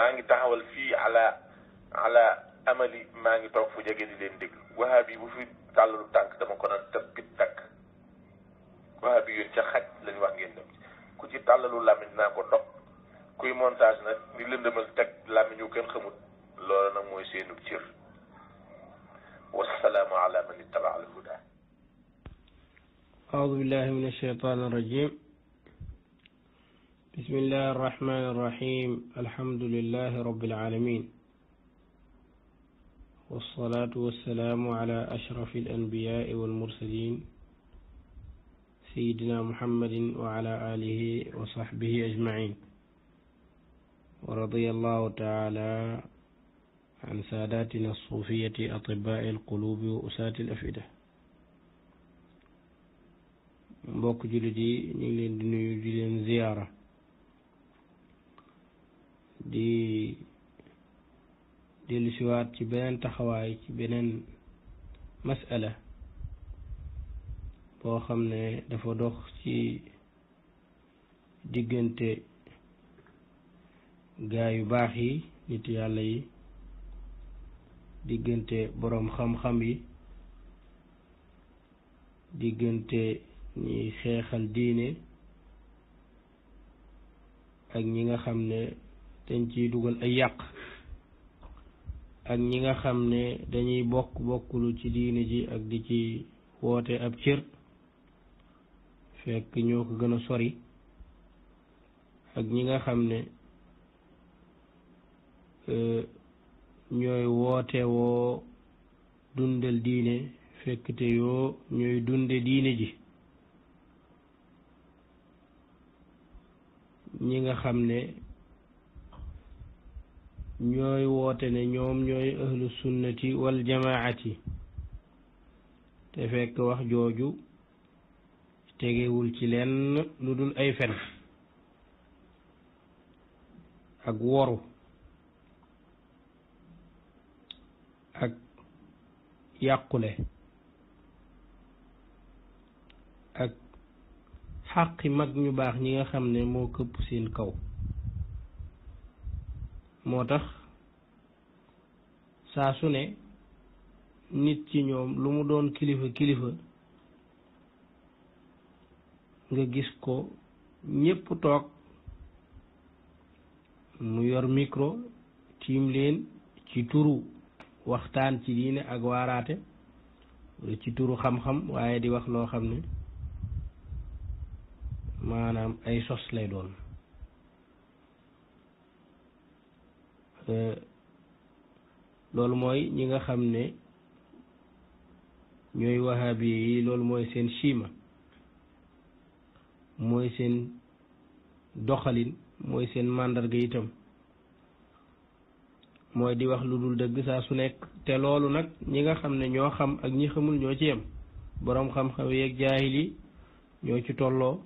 maa ngi taxawal fii ala ala maa ngi toog fu jege di leen déglu wahaab yi bu fi tànk dama ko naan tëb bit tàkk ca xaj la ñu wax ngeen dem ku ci tàllalu làmmiñ naa ko dog kuy montage nag ni lëndëmal teg làmmiñ wu kenn xamut loola nag mooy seenu cër wasalaamu ala man ittabaa al huda aoudu billahi min alcheytan arrajim بسم الله الرحمن الرحيم الحمد لله رب العالمين والصلاة والسلام على أشرف الأنبياء والمرسلين سيدنا محمد وعلى آله وصحبه أجمعين ورضي الله تعالى عن ساداتنا الصوفية أطباء القلوب وأساة الأفئدة mbokk جلدي yi ñu ngi di dellu siwaat ci beneen taxawaay ci beneen masala boo xam ne dafa dox ci diggante gaa yu baax yi nit yàlla yi diggante boroom xam-xam yi diggante ñiy xeexal diine ak ñi nga xam ne dañ ciy dugal ay yàq ak ñi nga xam ne dañuy bokk bokkulu ci diine ji ak di ci woote ab cër fekk ñoo ko gën a sori ak ñi nga xam ne e, ñooy woote woo dundal diine fekk te yoo ñooy dunde diine ji ñi nga xam ne ñooy woote ne ñoom ñooy ahlu sunnati wal jamaati te fekk wax jooju tegewul ci lenn lu dul ay fen ak woru ak yàqule ak xàqi mag ñu baax ñi nga xam ne moo këpp seen kaw moo tax saa su ne nit ci ñoom lu mu doon kilifa kilifa nga gis ko ñépp toog mu yor micro tiim leen ci turu waxtaan ci diine ak waaraate ci turu xam-xam waaye di wax loo xam ne maanaam ay sos lay doon euh, loolu mooy ñi nga xam ne ñooy wahabi yi loolu mooy seen chima mooy seen doxalin mooy seen màndarga itam mooy di wax lu dul dëgg saa su nekk te loolu nag ñi nga xam ne ñoo xam ak ñi xamul ñoo ci yem boroom xam-xam yeeg jaahil yi ñoo ci tolloo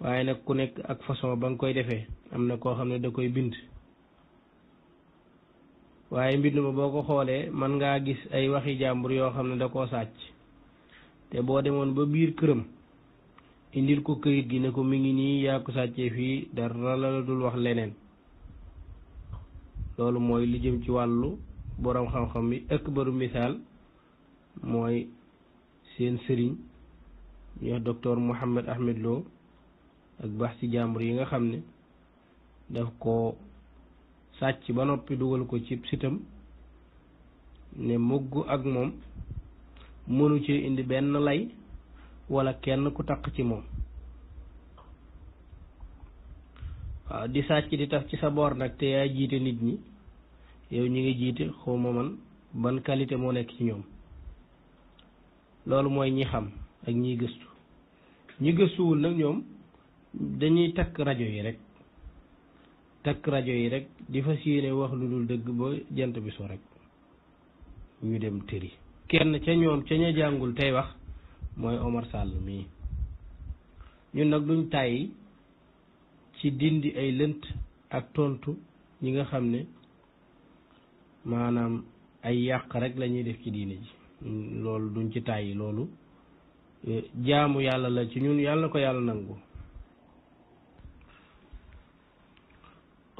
waaye nag ku nekk ak façon ba nga koy defee am na koo xam ne da koy bind waaye mbind ma boo ko xoolee man ngaa gis ay waxi jàmbur yoo xam ne da koo sàcc te boo demoon ba biir këram indil ko këyit gi ne ko mi ngi nii yàqu sàccee fii dara la dul wax leneen loolu mooy li jëm ci wàllu boroom xam-xam bi ëkk baru misaal mooy seen sëriñ ñoo wax docteur Mouhamed Ahmed ak baax ci jàmbur yi nga xam ne daf ko sàcc ba noppi dugalu ko ci sitam ne mugg ak moom mënu ci indi benn lay wala kenn ku takk ci moom waaw di sàcc di tax ci sa boor nag te yaa jiite nit ñi yow ñi ngi jiite xawma man ban qualité moo nekk ci ñoom loolu mooy ñi xam ak ñiy gëstu ñi gëstuwul nag ñoom dañuy takk rajo yi rekk takk rajo yi rek di fas yéene wax lu dul dëgg ba jant bi soo rek ñu dem tëri kenn ca ñoom ca ña jàngul tey wax mooy Omar Sall mii ñun nag duñ tàyyi ci dindi ay lënt ak tontu ñi nga xam ne maanaam ay yàq rek la ñuy def ci diine ji loolu duñ ci tàyyi loolu jaamu yàlla la ci ñun yàlla ko yàlla nangu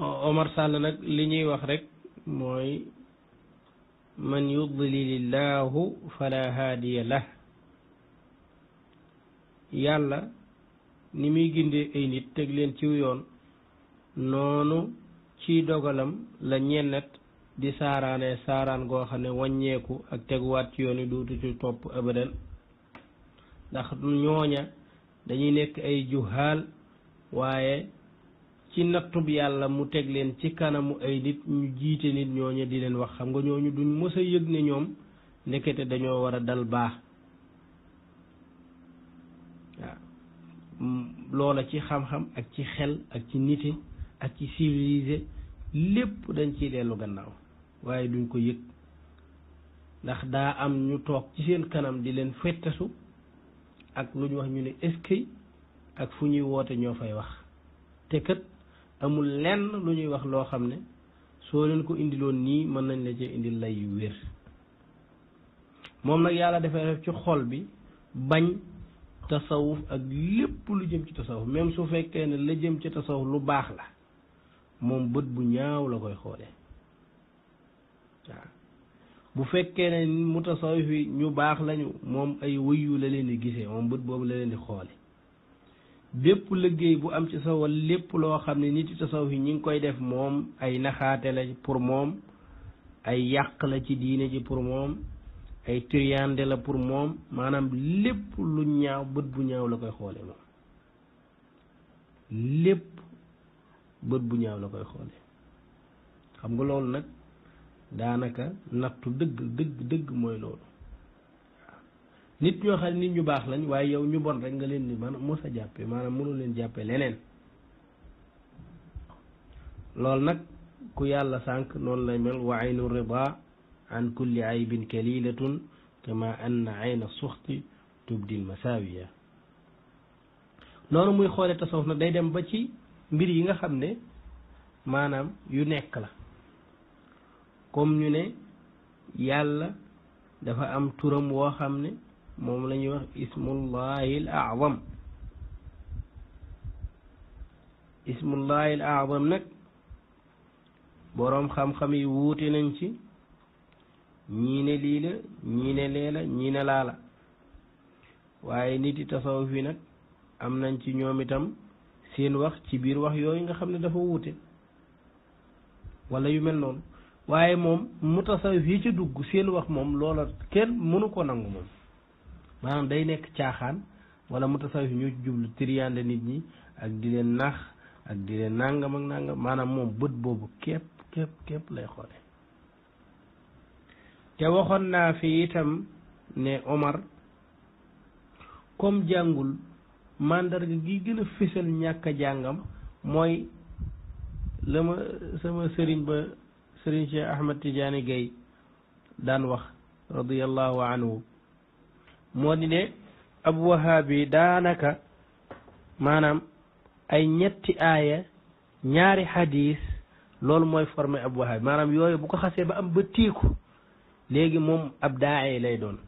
Omar Sall nag li ñuy wax rek mooy man yudlilillahu fala haadiya la yàlla ni muy gindee ay nit teg leen ciw yoon noonu ci dogalam la ñennet di saaraane saaraan goo xam ne wàññeeku ak teguwaat ci yoon yi duutu topp abadan ndax ñooña dañuy nekk ay juhaal waaye ci nattub yàlla mu teg leen ci kanamu ay nit ñu jiite nit ñooñu di leen wax xam nga ñooñu duñ mës yëg ne ñoom ndekete dañoo war a dal baax mm, loola ci xam-xam ak ci xel ak ci nite ak ci civilisé lépp dañ ci dellu gannaaw waaye duñ ko yëg ndax daa am ñu toog ci seen kanam di leen fettasu ak lu ñu wax ñu ne eskay ak fu ñuy woote ñoo fay wax te kat amul lenn lu ñuy wax loo xam ne soo leen ko indiloon nii mën nañ la ci indil lay yu wér moom nag yàlla dafay def ci xool bi bañ tasawuf ak lépp lu jëm ci tasawuf même su fekkee ne la jëm ci tasawuf lu baax la moom bët bu ñaaw la koy xoolee waaw bu fekkee ne mu tasawuf yi ñu baax lañu moom ay wëyu la leen di gisee moom bët boobu la leen di xoole bépp liggéey bu am ci sawal lépp loo xam ne nit yi tasawuf yi ñu ngi koy def moom ay naxaate la pour moom ay yàq la ci diine ji pour moom ay triande la pour moom maanaam lépp lu ñaaw bët bu ñaaw la koy xoole moom lépp bët bu ñaaw la koy xoole xam nga loolu nag daanaka nattu dëgg dëgg dëgg mooy loolu nit ñoo xam nit ñu baax lañ waaye yow ñu bon rek nga leen ni maanaam mos a jàppee maanaam mënu leen jàppee leneen loolu nag ku yàlla sànq noonu lay mel wa aynu rida an kulli aybin kalilatun kama anna ayna suxti tubdil masawiya noonu muy xoole tasawuf nag day dem ba ci mbir yi nga xam ne maanaam yu nekk la comme ñu ne yàlla dafa am turam woo xam ne moom la ñuy wax ismullahil aazam ismullahil aazam nag boroom xam-xam yi wuute nañ ci ñii ne lii la ñii ne laa la waaye nit yi tasawuf nag am nañ ci ñoom itam seen wax ci biir wax yooyu nga xam ne dafa wuute walla yu mel noonu waaye moom mu tasawuf yi ci dugg seen wax moom loola kenn mënu ko nangu moom maanaam day nekk caaxaan wala mu tasawuf ñoo ci jublu tiriyaande nit ñi ak di leen nax ak di leen nàngam ak nàngam maanaam moom bët boobu képp képp képp lay xoole te waxoon naa fi itam ne Omar comme jàngul màndarga gi gën a fésal ñàkk jàngam mooy la ma sama sëriñ ba sëriñ Cheikh Ahmad Tidiane Gaye daan wax radiyallahu anhu moo di ne ab wahaabi daanaka maanaam ay ñetti aaya ñaari hadis loolu mooy formé ab wahaabi maanaam yooyu bu ko xasee ba am ba tiiku léegi moom ab daaye lay doon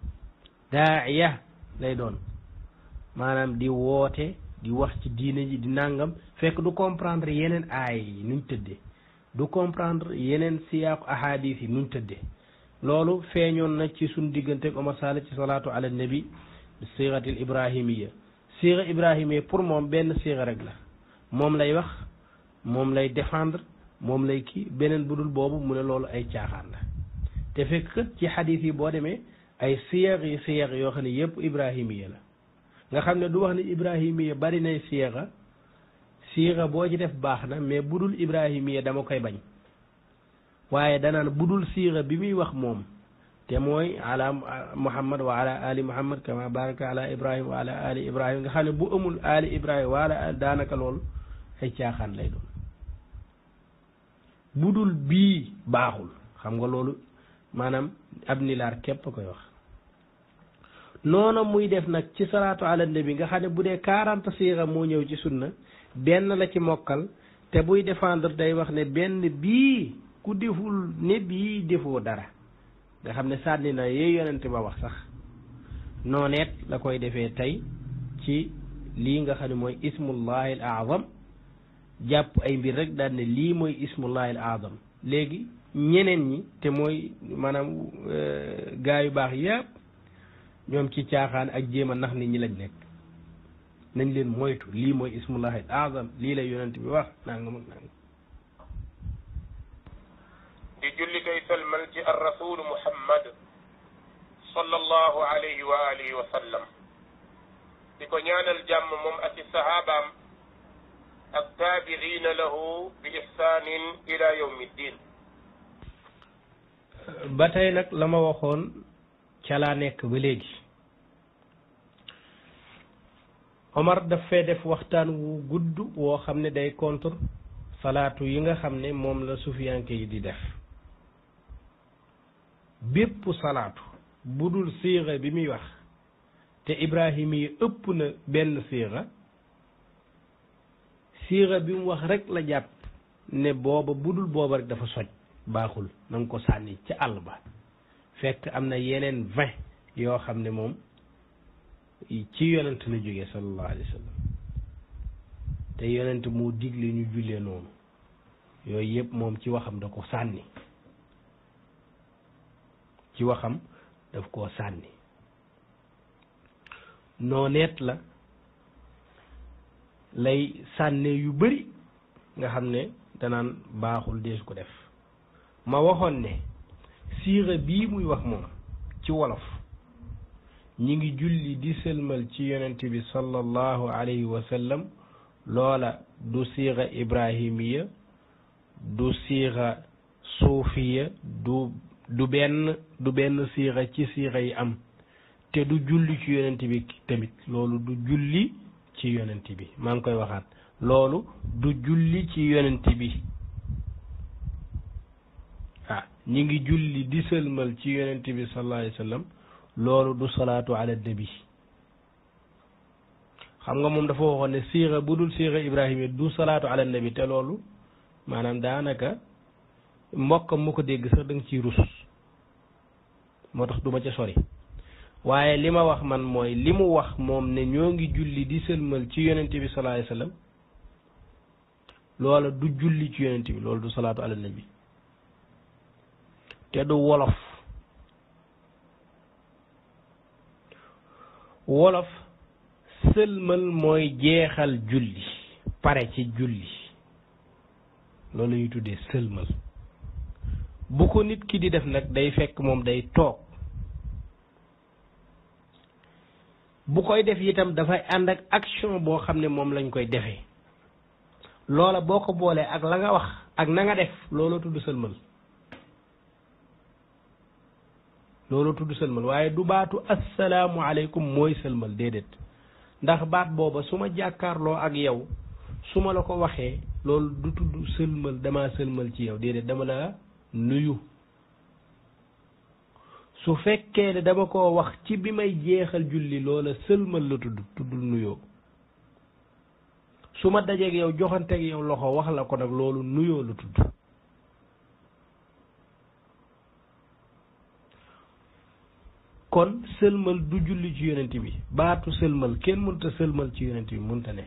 daaya lay doon maanaam di woote di wax ci diine ji di nangam fekk du comprendre yeneen aaya yi nuñ tëddee du comprendre yeneen siyaaqu ahadis yi nuñ tëddee loolu feeñoon na ci suñ diggante ak Omar Sall ci salaatu ala nabi siixatil ibrahimiya siixa ibrahimiya pour moom benn siixa rek la moom lay wax moom lay défendre moom lay kii beneen bu dul boobu mu ne loolu ay caaxaan la te fekk ci xadiis yi boo demee ay siyaax yi siyaax yoo xam ne yëpp ibrahimiya la nga xam ne du wax ne ibrahimiya bari nay siyaaxa siixa boo ci def baax na mais bu dul ibrahimiya dama koy bañ waaye danaan dul siixa bi muy wax moom te mooy ala muhammad wa ala ali muhammad kama baraka ala ibrahim wa ala ali ibrahim nga xam ne bu amul ali ibrahim wa ala daanaka loolu ay caaxaan lay doon budul bii baaxul xam nga loolu maanaam ab nilaar képp koy wax noonu muy def nag ci salaatu ala bi nga xam ne bu dee quarante siixa moo ñëw ci sunna benn la ci mokkal te buy défendre day wax ne benn bii ku deful ne bii defoo dara nga xam ne sànni na yee yonente wax sax nooneet la koy defee tey ci lii nga xam ne mooy ismullahi al jàpp ay mbir rek daal lii mooy ismullahi al léegi ñeneen ñi te mooy maanaam euh, gaa yu baax yëpp ñoom ci caaxaan ak jéem a nax nit ñi lañ nekk nañ leen moytu lii mooy ismullahi al azam lii lay yonent bi wax nangam ak nangam di julli tey sëlmal ci ar rasul muhammad sallallahu alayhi wa alihi wa sallam di ko ñaanal jàmm moom ak i sahabaam ak taabiina lahu bi ihsanin ila yawmi ddin ba tey nag la ma waxoon ca laa nekk ba léegi Omar daf fee def waxtaan wu gudd woo xam ne day contre salaatu yi nga xam ne moom la sufiyanke yi di def bépp salaatu bu dul siixa bi muy wax te ibrahim yi ëpp na benn siixa siixa bi mu wax rekk la jàpp ne booba bu dul booba rek dafa soj baaxul na ko sànni ca àll ba fekk am na yeneen vingt yoo xam ne moom ci yonent la jógee sallallahu alayhi wa sallam te yonent moo digle ñu jullee noonu yooyu yëpp moom ci waxam da ko sànni ci waxam daf koo sànni nooneet la lay sànnee yu bari nga xam ne danaan baaxul deesu ko def ma waxoon ne siira bii muy wax moom ci wolof ñi ngi julli di sëlmal ci yonent bi sallallahu alayhi wa loola du siira ibrahimiya du siira suufiya du du benn du benn siixa ci siixa yi am te du julli ci yonent bi tamit loolu du julli ci yonent bi maa ngi koy waxaat loolu du julli ci bi ah ñi ngi julli di sëlmal ci yonent bi sallallahu alayhi wa sallam loolu du salaatu ala nabi xam nga moom dafa waxoon ne siixa bu dul siixa ibrahima du salaatu ala nabi te loolu maanaam daanaka mbokkam mu ko dégg sax da ci ciy rus moo tax du ma ca sori waaye li ma wax man mooy li mu wax moom ne ñoo ngi julli di sëlmal ci yonente bi salaay sallam loola du julli ci yonente bi loolu du salaatu ala nabi te du wolof wolof sëlmal mooy jeexal julli pare ci julli loolu la ñuy tuddee sëlmal bu ko nit ki di def nag day fekk moom day toog bu koy def itam dafay ànd ak action boo xam ne moom lañ koy defee loola boo ko boolee ak la nga wax ak na nga def looloo tudd sëlmal looloo tudd sëlmal waaye du baatu assalaamu aleykum mooy sëlmal déedéet ndax baat booba su ma jàkkaarloo ak yow su ma la ko waxee loolu du tudd sëlmal dama sëlmal ci yow déedéet dama la nuyu su fekkee ne dama koo wax ci bi may jeexal julli loola sëlmal la tudd tuddul nuyoo su ma dajeeg yow joxanteeg yow loxo wax la ko nag loolu nuyoo la tudd kon sëlmal du julli ci yonent bi baatu sëlmal kenn mënta sëlmal ci yonent bi mënta ne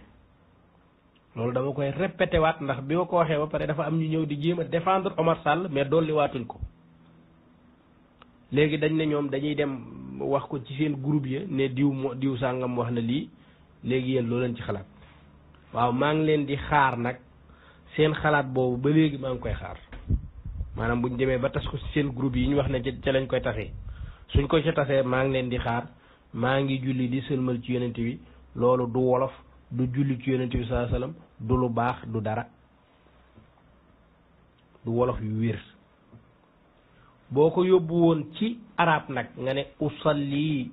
loolu dama koy répété waat ndax bi ma ko waxee ba pare dafa am ñu ñëw di jéem a défendre Omar Sall mais dolli waatuñ ko léegi dañ ne ñoom dañuy dem wax ko ci seen groupe ya ne diw mo diw sàngam wax na lii léegi yéen loolu leen ci xalaat waaw maa ngi leen di xaar nag seen xalaat boobu ba léegi maa ngi koy xaar maanaam bu ñu demee ba tas ko ci seen groupe yi ñu wax ne ca lañ koy tasee suñ koy ca tasee maa ngi leen di xaar maa ngi julli di sëlmal ci yonent bi loolu du wolof du julli ci yonent bi sallallahu alayhi du lu baax du dara du wolof yu wér boo ko yóbbu woon ci arab nag nga ne usalli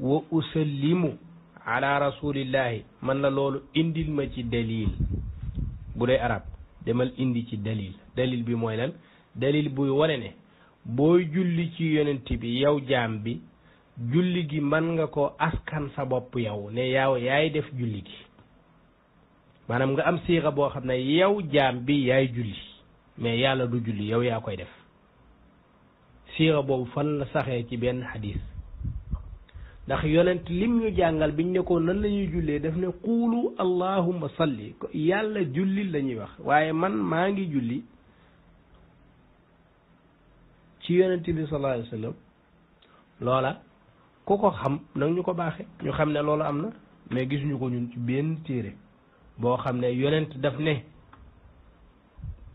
wa usallimu ala rasulillahi man la loolu indil ma ci dalil bu dee arab demal indi ci dalil dalil bi mooy lan dalil buy wone ne booy julli ci yonent bi yow jaam bi julli gi mën nga ko askan sa bopp yow ne yow yaay def julli gi maanaam nga am siixa boo xam ne yow jaam bi yaay julli mais yàlla du julli yaw yaa koy def siixa boobu fan la saxee ci benn xadis ndax yonent lim ñu jàngal bi ñu nekkoon nan lañuy ñuy jullee daf ne quulu allahumma salli yàlla julli la wax waaye man maa ngi julli ci yonent bi sallallahu alayhi loola ku ko xam nag ñu ko baaxee ñu xam ne loolu am na mais gisuñu ko ñun ci benn téere boo xam ne yonent def ne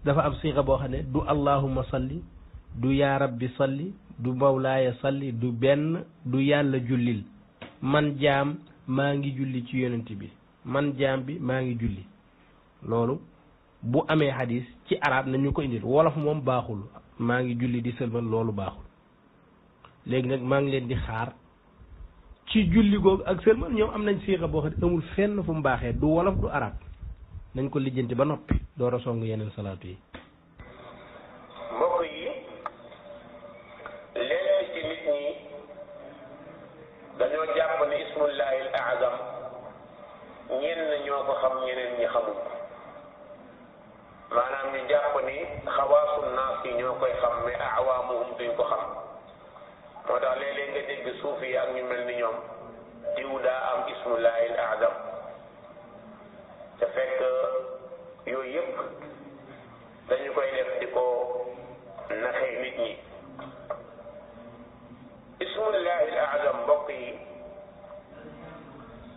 dafa am siixa boo xam ne du allahuma salli du yaa rabbi salli du mawlaaya salli du benn du yàlla jullil man jaam maa ngi julli ci yonent bi man jaam bi maa ngi julli loolu bu amee xadis ci arab nañu ko indil wolof moom baaxul maa ngi julli di sëlman loolu baaxul léegi nag maa ngi leen di xaar ci julli googu ak sëlmal ñoom am nañ siixa boo xam amul fenn fu mu baaxee du wolof du arab nañ ko lijjanti ba noppi door a song yeneen salaatu yi mbokk yi léeg ci nit ñi dañoo jàpp ne ismullahi al azam ñenn ñoo ko xam ñeneen ñi xamul maanaam ñu jàpp ni xawaasu naas yi ñoo koy xam mais awaamuhum duñ ko xam moo tax léeg-léeg nga dégg suuf yi ak ñu mel ni ñoom diw daa am ismullahil azam te fekk yooyu yëpp dañu koy def di ko naxee nit ñi ismullahil azam mbokk yi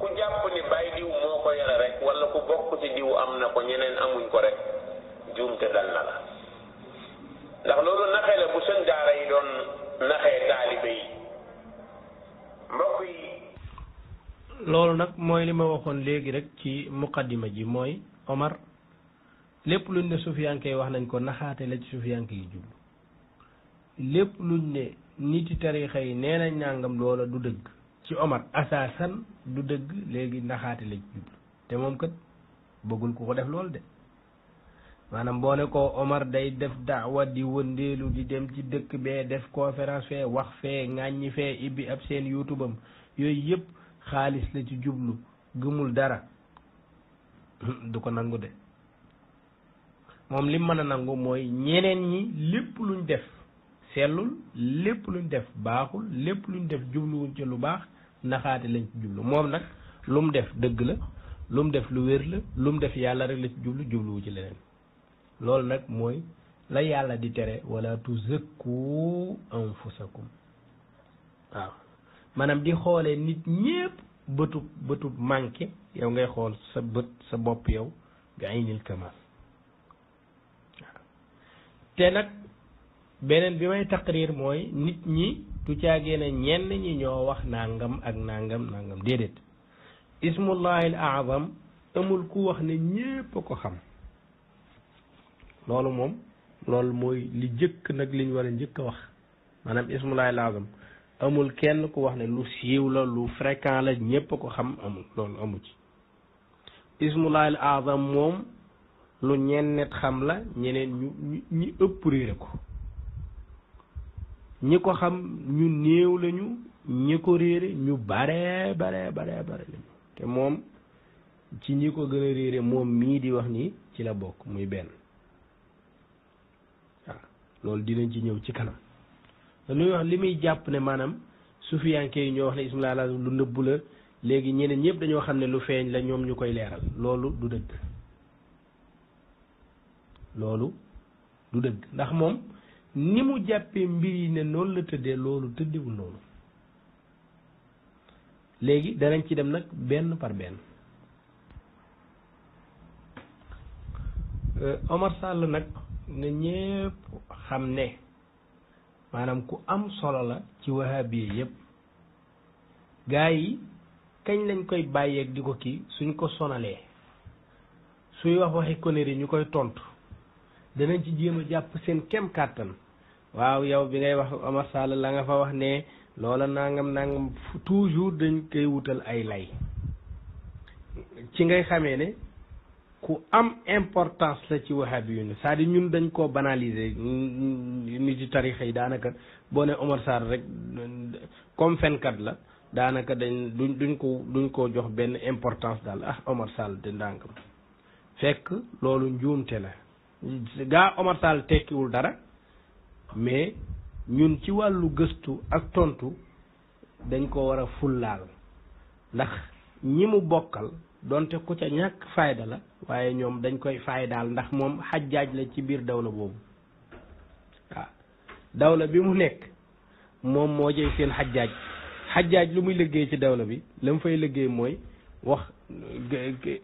ku jàpp ni bàyyi diw moo ko yore rek wala ku bokk ci diw am na ko ñeneen amuñ ko rek juumte dal na la ndax loolu naxee la bu seen daara doon naxee taalibe yi loolu nag mooy li ma waxoon léegi rek ci muqaddima ji mooy Omar lépp luñ ne suufiyanke yi wax nañ ko naxaate la ci suufiyanke yi jublu lépp luñ ne niti tarixa yi nee nañ nàngam loola du dëgg ci Omar asaasan du dëgg léegi naxaate la jublu te moom kat bëggul ku ko def loolu de maanaam boo ne ko Omar day def daawa di wëndeelu di dem ci dëkk bee def conférence fee wax fee ŋàññi fee ibbi ab seen youtube am yooyu yëpp xaalis la ci jublu gëmul dara du ko nangu de moom lim mën a nangu mooy ñeneen ñi lépp luñ def sellul lépp luñ def baaxul lépp luñ def jubluwuñ ci lu baax naxaate lañ ci jublu moom nag lu mu def dëgg la lu mu def lu wér la lu mu def yàlla rek la ci jublu jubluwu ci leneen loolu nag mooy la yàlla di tere wala tuzakku anfusakum maanaam di xoolee nit ñépp bëtub yow ngay xool sa sa bopp yow bi te nag beneen bi may taqrir mooy nit ñi tu caagee na ñenn ñi ñoo wax nangam ak nangam nangam déedéet ismullahil azam amul ku wax ne ñépp ko xam loolu moom loolu mooy li jëkk nag liñ war a njëkk a wax maanaam ismu laay amul kenn ku wax ne lu siiw la lu fréquent la ñépp ko xam amul loolu amu ci ismu laay laazam moom lu ñenn nit xam la ñeneen ñu ñi ëpp réere ko ñi ko xam ñu néew lañu ñi ko réere ñu bare bare bare te moom ci ñi ko gën a réere moom mii di wax nii ci la bokk muy benn loolu dinañ ci ñëw ci kanam dañuy wax li muy jàpp ne maanaam sufiyanke yi ñoo wax ne ismu laay lu nëbbu la léegi ñeneen ñëpp dañoo xam ne lu feeñ la ñoom ñu koy leeral loolu du dëgg loolu du dëgg ndax moom ni mu jàppee mbir yi ne noonu la tëddee loolu tëddewul noonu léegi danañ ci dem nag benn par benn euh, Omar Sall nag na ñépp xam ne maanaam ku am solo la ci wahabiya yépp gaa yi kañ lañ koy bàyyeeg di ko kii suñ ko sonalee suy wax waxi conneries ñu koy tontu danañ ci jéem a jàpp seen kem kàttan waaw yow bi ngay wax Omar la nga fa wax ne loola nangam nangam toujours dañ koy wutal ay lay ci ngay xamee ne ku am importance la ci wahabi yu ne cest à ñun dañ koo banaliser nit yi tarixa yi daanaka boo ne Omar rek comme fenkat la daanaka dañ duñ duñ ko duñ ko jox benn importance daal ah Omar Sall ndànk fekk loolu njuumte la gaa Omar Sall tekkiwul dara mais ñun ci wàllu gëstu ak tontu dañ ko war a fullaal ndax ñi mu bokkal donte ku ca ñàkk fayda la waaye ñoom dañ koy faydaal ndax moom xajjaaj la ci biir dawla boobu waaw dawla bi mu nekk moom moo jëy seen xajjaaj xajjaaj lu muy liggéey ci dawla bi la mu fay liggéey mooy wax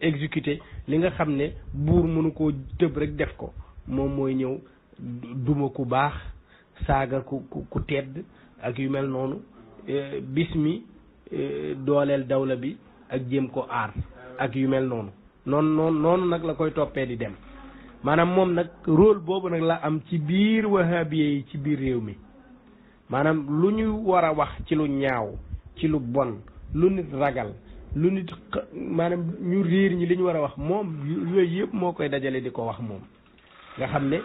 exécuté li nga xam ne buur mënu koo tëb rek def ko moom mooy ñëw duma ku baax saaga ku ku tedd ak yu mel noonu eh, bis mi eh, dooleel dawla bi ak jéem ko aar ak yu mel noonu noonu noonu noonu nag la koy toppee di dem maanaam moom nag rôle boobu nag la am ci biir wahabiye yi ci biir réew mi maanaam lu ñu war a wax ci lu ñaaw ci lu bon lu nit ragal lu nit maanaam ñu riir ñi li ñu war a wax moom yooyu yëpp moo koy dajale di ko wax moom nga xam ne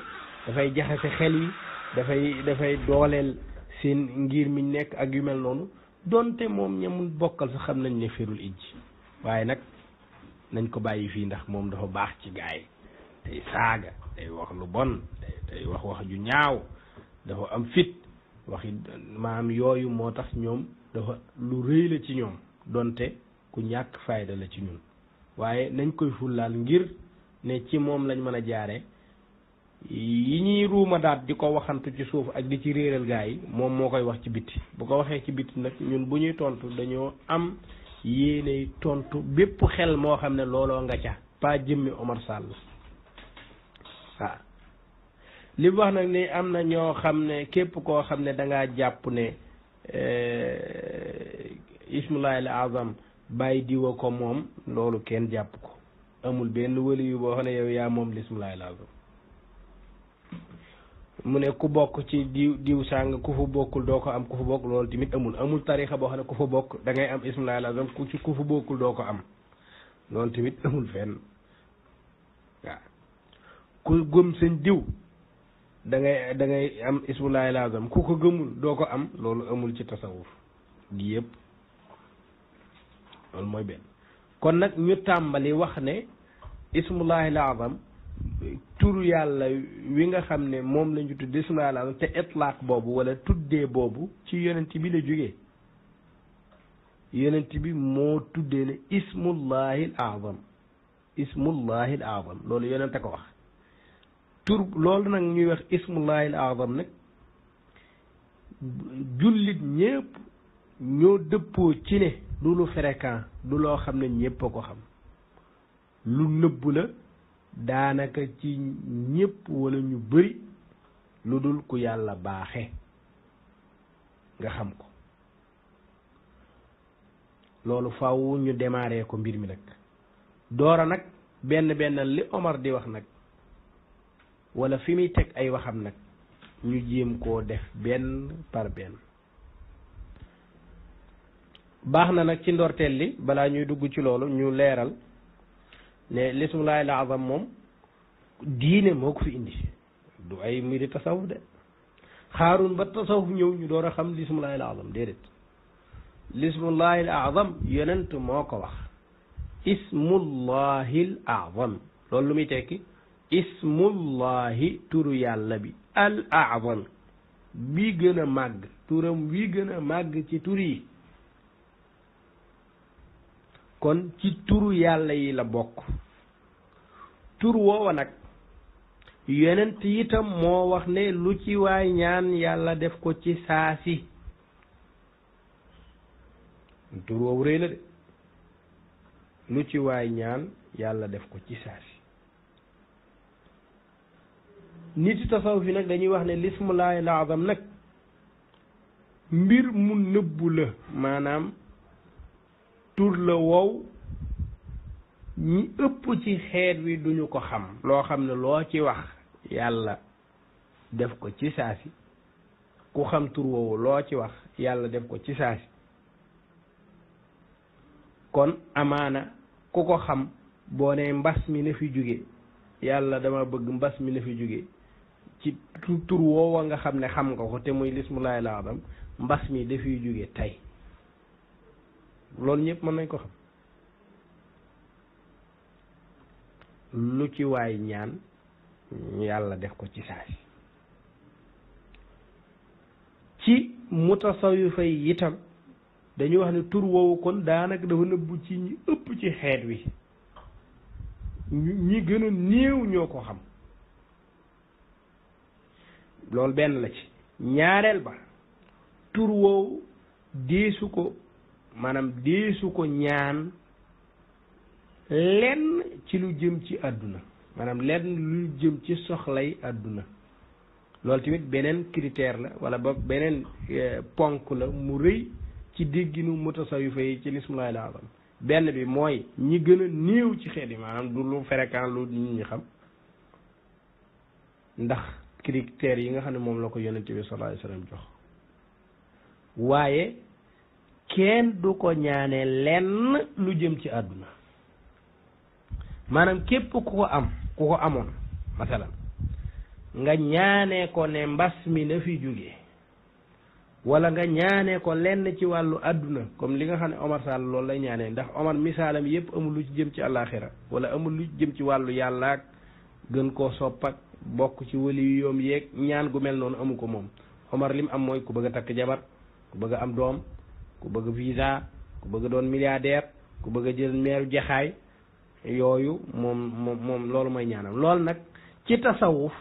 dafay jaxase xel yi dafay dafay dooleel seen ngir mi nekk ak yu mel noonu donte moom ñamul bokkal sa xam nañ ne firul yi waaye nag nañ ko bàyyi fii ndax moom dafa baax ci gaay tey saaga day wax lu bon day day wax wax ju ñaaw dafa am fit waxi maam yooyu moo tax ñoom dafa lu rëy la ci ñoom donte ku ñàkk fayda la ci ñun waaye nañ koy ful laal ngir ne ci moom lañ mën a jaare yi ñuy ruuma daat di ko waxantu ci suuf ak di ci réeral gaa yi moom moo koy wax ci bitti bu ko waxee ci bitti nag ñun bu ñuy tontu dañoo am yéenay tontu bépp xel moo xam ne looloo nga ca paa jëmmi Omar Sall waaw li mu wax nag ni am na ñoo xam ne képp koo xam ne dangaa jàpp ne eh, ismullahi al azam bàyyi diwa ko moom loolu kenn jàpp ko amul benn wëli yu boo xam ne yow yaa moom lismullahi al azam mu ne ku bokk ci diw diw sàng ku fa bokkul doo ko am ku fa bokk loolu tamit amul amul tarixa boo xam ne ku fa bokk da am ismul azam ku ci ku fa bokkul doo ko am loolu tamit amul fenn ku gëm sëñ diw da ngay am ismul azam ku ko gëmul doo ko am loolu amul ci tasawuf gi yëpp loolu mooy benn kon nag ñu tàmbali wax ne ismul azam turu yàlla wi nga xam ne moom lañu tudd ismul azam te itlaaq boobu wala tuddee boobu ci yonent bi la jóge yonent bi moo tuddee ne ismullahil azam ismullahil azam loolu yonent a ko wax tur loolu nag ñuy wax ismullahil azam nag jullit ñépp ñoo dëppoo ci ne du lu fréquent du loo xam ne ñépp a ko xam lu nëbb la daanaka ci ñépp walla ñu bari lu dul ku yàlla baaxe nga xam ko loolu faw ñu démarrer ko mbir mi nag doora nag benn benn li Omar di wax nag walla fi muy teg ay waxam nag ñu jéem koo def benn par benn baax na nag ci ndorteel li bala ñuy dugg ci loolu ñu leeral ne lismulaay la azam moom diine moo ko fi indi du ay mbiri tasawuf de xaarun ba tasawuf ñëw ñu door a xam lismulaay la azam déedéet lismullahi l azam yonent moo ko wax ismullahi loolu lu muy tekki ismullahi turu yàlla bi al bi gën a màgg turam wi gën a màgg ci tur yi kon ci turu yàlla yi la bokk tur woowa nag yonent itam moo wax ne lu ci waay ñaan yàlla def ko ci saasi tur woowu réy la de lu ci waay ñaan yàlla def ko ci saasi nit tasawuf yi nag dañuy wax ne lismullaahil azam nag mbir mu nëbbu la maanaam tur la wow ñi ëpp ci xeet wi duñu ko xam loo xam ne loo ci wax yàlla def ko ci saasi ku xam tur woowu loo ci wax yàlla def ko ci saasi kon amaana ku ko xam boo ne mbas mi na fi jóge yàlla dama bëgg mbas mi na fi jóge ci tur woowa nga xam ne xam nga ko te muy lismu laay laadam mbas mi dafiy jóge tey loolu ñëpp mën nañ ko xam lu ci waay ñaan yàlla def ko ci saasi ci mutasawifa yi itam dañuy wax ne tur woowu kon daanaka dafa nëbbu ci ñi ëpp ci xeet wi ñi gën a néew ñoo ko xam lool benn la ci ñaareel ba tur woowu deesu ko maanaam deesu ko ñaan lenn ci lu jëm ci àdduna maanaam lenn lu jëm ci soxlay àdduna loolu tamit beneen critère la wala ba beneen eh, ponk la mu rëy ci dégginu mutasawifa yi ci lismullaahil azam benn bi mooy ñi gën a néew ci xeet yi maanaam du lu fréquent lu nit ñi xam ndax critères yi nga xam ne moom la ko yonent bi sallallaahu alayhi wa jox waaye kenn du ko ñaane lenn lu jëm ci àdduna maanaam képp ku ko am ku ko amoon masalan nga ñaanee ko ne mbas mi na fi jóge wala nga ñaanee ko lenn ci wàllu àdduna comme li nga xam ne Omar Sall loolu lay ñaanee ndax Omar misaalam yëpp amul lu jëm ci àllaaxira wala amul lu jëm ci wàllu yàllaak gën koo sopp bokk ci wali yu yoom yeeg ñaan gu mel noonu amu ko moom Omar lim am mooy ku bëgg a takk jabar ku bëgg a am doom ku bëgg visa ku bëgg doon milliardaire ku bëgg a jël meeru jaxaay yooyu moom moom moom loolu mooy ñaanam lool nag ci tasawuf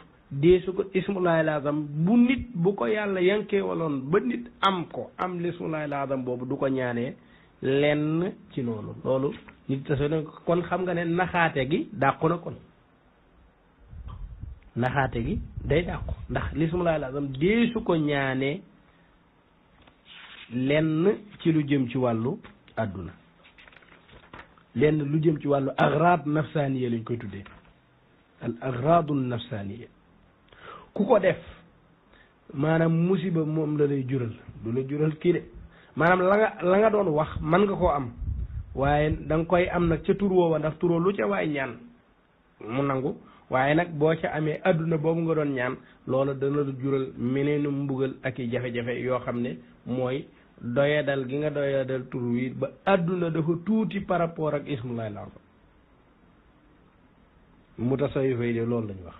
dee su ko ismulaay laazam bu nit bu ko yàlla yankee waloon ba nit am ko am lismulaay laazam boobu du ko ñaanee lenn ci loolu loolu nit tasawuf kon xam nga ne naxaate gi dàqu na kon naxaate gi day dàqu ndax lismulaay laazam dee ko ñaanee lenn ci lu jëm ci wàllu àdduna lenn lu jëm ci wàllu ak agrad nafsaaniya lañ koy tuddee al agradu nafsaaniya ku ko def maanaam musiba moom la lay jural du la jural kii de maanaam la nga la nga doon wax man nga ko am waaye da nga koy am nag ca tur woowa ndax turoo lu ca waay ñaan mu nangu waaye nag boo ca amee adduna boobu nga doon ñaan loola dana la jural meneenu mbugal ak i jafe-jafe yoo xam ne mooy doyadal gi nga doyadal tur wi ba àdduna dafa tuuti par rapport ak ismullaahil azam mutasawifa yi de loolu lañu wax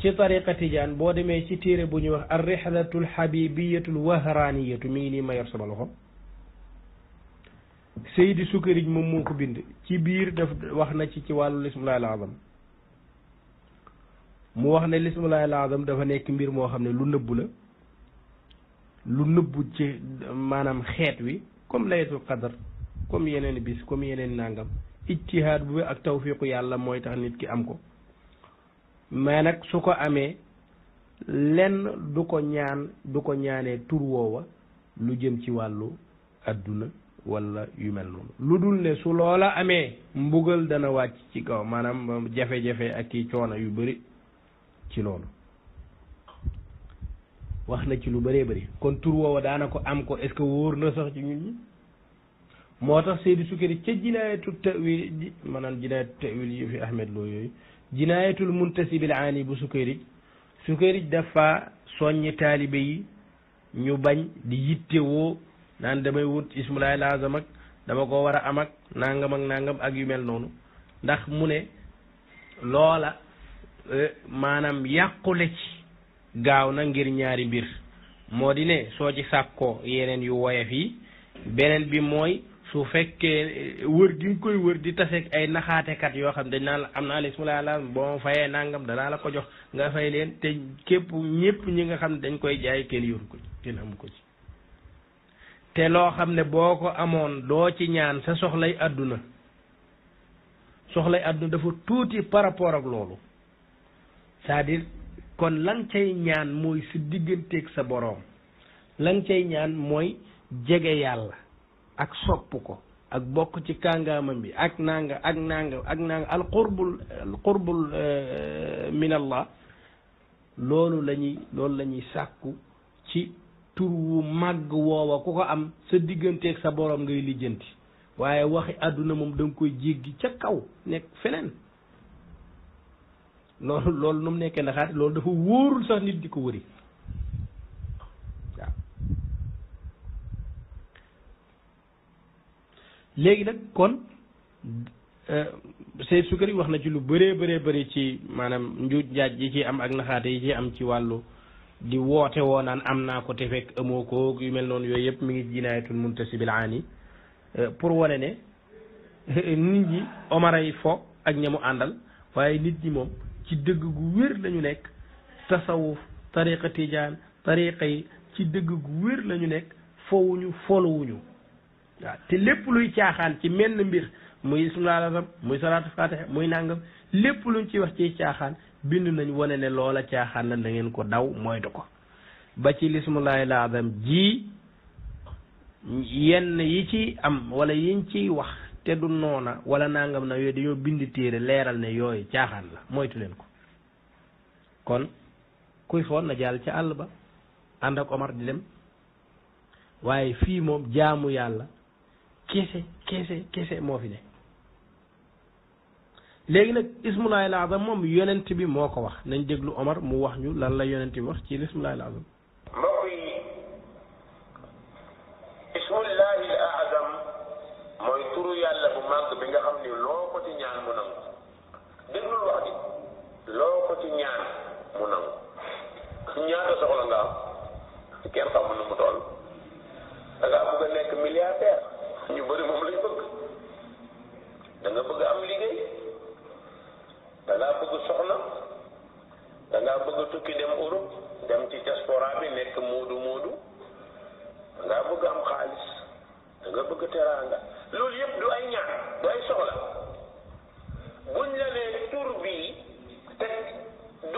ci tariqa tijaan boo demee ci téere bu ñuy wax ar rihlatul xabibiyatul wahraniyatu mi ngi nii ma yor sama loxo Seydi Sukkarij moom moo ko bind ci biir daf wax na ci ci wàllu lismullaahil azam mu wax ne lismullaahil azam dafa nekk mbir moo xam ne lu nëbbu la lu nëbbu ci maanaam xeet wi comme laylatul qadar comme yeneen bis comme yeneen nangam ijtihaad bu ak tawfiqu yàlla mooy tax nit ki am ko mais nag su ko amee lenn du ko ñaan du ko ñaanee tur woowa lu jëm ci wàllu adduna wala yu mel noonu lu dul ne su loola amee mbugal dana wàcc ci kaw maanaam jafe-jafe ak i coono yu bëri ci loolu wax na ci lu bëree bëri kon tur woowa daana ko am ko est-ce que wóor na sax ci ñun ñi moo tax Seydou Sukkari ca jinaayatul tawil maanaam jinaayatul tawil yu fi Ahmed Lo yooyu jinaayatul muntasibil aani bu Sukkari Sukkari dafa soññi taalibe yi ñu bañ di yittewoo naan damay wut ismulaay laazam ak dama ko war a am ak nangam ak nangam ak yu mel noonu ndax mu ne loola eh, maanaam yàqule ci gaaw na ngir ñaari mbir moo di ne soo ci sàkkoo yeneen yu woyof yi beneen bi mooy su fekkee eh, wër gi koy wër di taseeg ay naxaatekat yoo xam dañ naan am naa lismula la boo fayee nangam danaa la ko jox nga fay leen te képp ñëpp ñi nga xam ne dañ koy jaay kenn yoru ko ci amu ko te loo xam ne boo ko amoon doo ci ñaan sa soxlay àdduna soxlay àdduna dafa tuuti par rapport ak loolu cest à kon lan cay ñaan mooy sa sa boroom lan cay ñaan mooy jege yàlla ak sopp ko ak bokk ci kàngamam bi ak nanga ak nanga ak nanga al qurbul al eh, loolu la ñuy loolu la sàkku ci tur wu màgg woowa ku ko am sa digganteeg sa boroom ngay lijjanti waaye waxi àdduna moom danga koy jéggi ca kaw nekk feneen loolu loolu nu mu nekkee naxaate loolu dafa wóorul sax nit di ko wëri waaw léegi nag kon euh, Seyd Sukari wax na ci lu bëree bëree bëri ci maanaam njuuj njaaj yi ci am ak naxaate yi ci am ci wàllu di woote woo naan am naa ko te fekk amoo ko yu mel noonu yooyu yëpp mi ngi jinaayatul muntasibil aani euh, pour wone ne nit ñi omara yi fo ak ñamu àndal waaye nit ñi moom ci dëgg gu wér lañu nekk tasawuf tariqa tijaan tariqa yi ci dëgg gu wér lañu nekk fowuñu folowuñu waaw te lépp luy caaxaan ci menn mbir muy ismulalasam muy salaatu fatiha muy nàngam lépp luñ ci wax ci caaxaan bind nañ wane ne loola caaxaan na na ko daw moytu ko ba ci lismulahi laazam ji yenn yi ci am wala yiñ ciy wax te du noona wala nangam na yooyu dañoo bind téere leeral ne yooyu caaxaan la moytu leen ko kon kuy foon na jàll ca àll ba ànd ak Omar di dem waaye fii moom jaamu yàlla kese kese kese moo fi ne léegi nag ismulaahil azam moom yonent bi moo ko wax nañ déglu Omar mu wax ñu lan la yonent bi wax ci ismulaahil azam ci ñaan mu nangu ñaata soxla nga am kenn xamul nu mu toll da bëgg a nekk milliardaire ñu bëri moom lañ bëgg da nga bëgg am liggéey da bëgg soxna da ngaa bëgg tukki dem Europe dem ci diaspora bi nekk moodu moodu da bëgg am xaalis da bëgg teraanga loolu yëpp du ay ñaan du ay soxla buñ la nee tur bii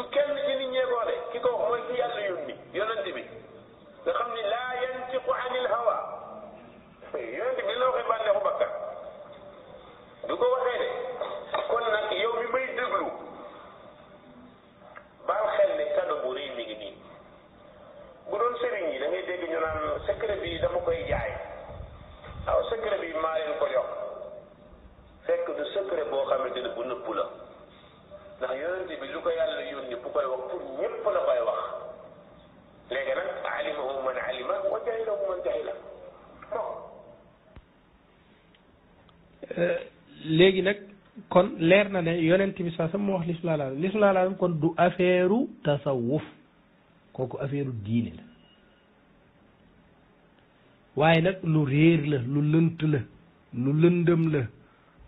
du kenn ci nit ñee ki ko wax mooy ki yàlla yonent bi nga xam ni laa yantiqu anil hawa yonent bi la waxee bànneexu ko waxee de kon nag yow mi may déglu baal xel ne kado bu rëy mi nii bu doon sëriñ yi da ngay dégg ñu naan secret bi dama koy jaay waaw secret bi maa leen ko jox fekk du secret boo xamante ne bu nëbbu la. koy wax euh, léegi nag kon leer na ne yonent bi saa sama moo wax lisu laalam lisu laalam kon du affaire u tasawuf kooku affaire u diine la waaye nag lu réer la lu lënt la lu lëndëm la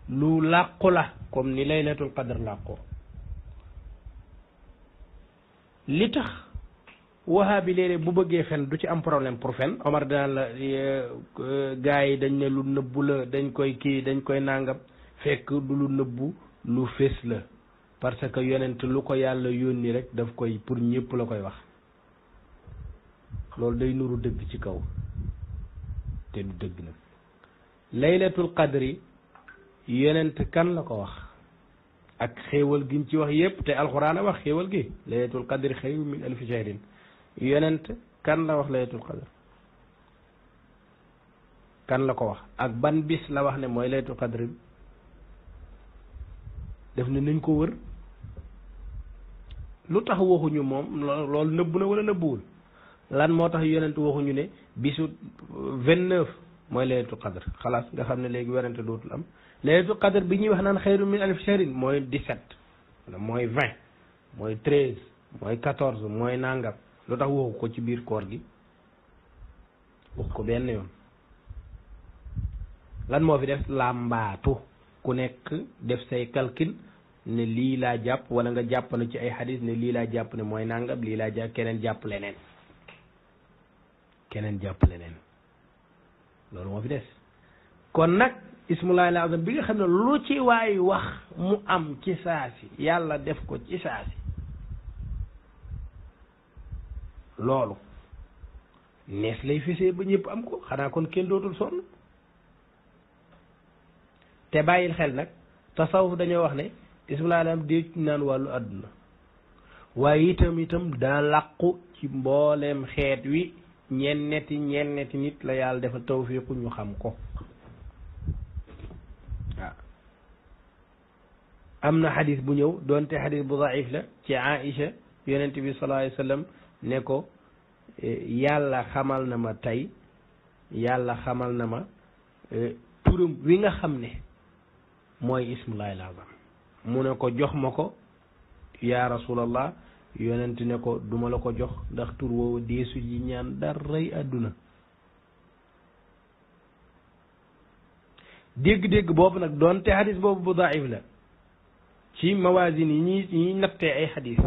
lu làqu la comme ni laylatul qadr làqoo li tax wahaabi léeg-léeg bu bëggee fen du ci am problème pour fen Omar daan la eh, gars yi dañ ne lu nëbbu la dañ koy kii dañ koy nàngam fekk du lu nëbbu lu fés la parce que yonent lu ko yàlla yónni rek daf koy pour ñëpp la koy wax loolu day nuru dëgg ci kaw te du dëgg nag laylatul qadri yonent kan la ko wax ak xéewal gi mu ci wax yépp te alxuraan a wax xéewal gi laylatul qadri xayru min alfi shahrin yonent kan la wax laylatul qadr kan la ko wax ak ban bis la wax ne mooy laylatul qadri bi def ne nañ ko wër lu tax waxuñu moom loolu nëbbu na wala nëbbuwul lan moo tax yonent waxuñu ne bisu vingt-neuf mooy laylatul qadr xalaas nga xam ne léegi werante dootul am laylatul qadr bi ñuy wax naan xayru min alf shahrin mooy 17 mooy 20 mooy 13 mooy 14 mooy nangam lu tax waxu ko ci biir koor gi wax ko benn yoon lan moo fi des làmbaatu ku nekk def say calcul ne lii laa jàpp wala nga jàpp ci ay xadis ne lii laa jàpp ne mooy nangam lii laa jàpp keneen jàpp leneen keneen jàpp leneen loolu moo fi des kon nag ismulaay laazam bi nga xam ne lu ci waay wax mu am ci saasi yàlla def ko ci saasi loolu nees lay fesee ba ñëpp am ko xanaa kon kenn dootul sonn te bàyyil xel nag tasawuf dañoo wax ne ismulaay laazam dee ci naan wàllu àdduna waaye itam itam daa làqu ci mbooleem xeet wi ñenneti ñenneti nit la yàlla defal tawfiiku ñu xam ko am na xadis bu ñëw doonte xadis bu daif la ci Aïcha yonent bi sallallahu alayhi ne ko e, yàlla xamal na ma tey yàlla xamal na ma e, turam wi nga xam ne mooy ismullahil azam mu ne ko jox ma ko yaa rasulallah yonent ne ko duma la ko jox ndax tur woowu deesu ji ñaan daray àdduna dégg-dégg boobu nag doonte xadis boobu bu daif la ci mawasin yi ñi ñiy nattee ay xadis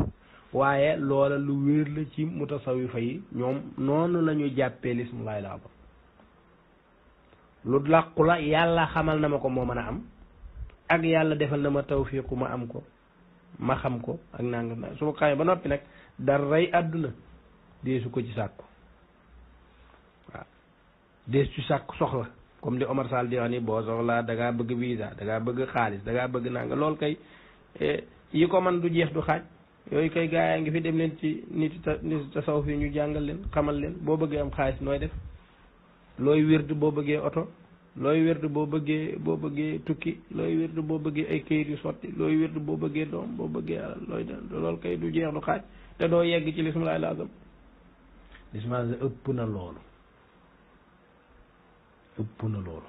waaye loola lu wér la ci mutasawifa yi ñoom noonu la ñu jàppee lismullahi laaba lu làqu la yàlla xamal na ma ko moo mën a am ak yàlla defal na ma tawfiiku ma am ko ma xam ko ak nangam su ma xamee ba noppi nag daray àdduna deesu ko ci sàkku waaw deesu ci sàkku soxla comme li Omar Sall di wax ni boo soxlaa da bëgg visa da bëgg xaalis da bëgg nanga lool kay Eh, yi ko man du jeex du xaaj yooyu koy gaa yaa ngi fi dem leen ci nitu ta nitu tasawuf yi ñu jàngal leen xamal leen boo bëggee am xaalis nooy def looy wérd boo bëggee oto looy wérd boo bëggee boo bëggee tukki looy wérd boo bëggee ay këyit yu sotti looy wérd boo bëggee doom boo bëggee alal looy loolu kay du jeex du xaaj te doo yegg ci lismulaay laazam lismulaay ëpp na loolu ëpp na loolu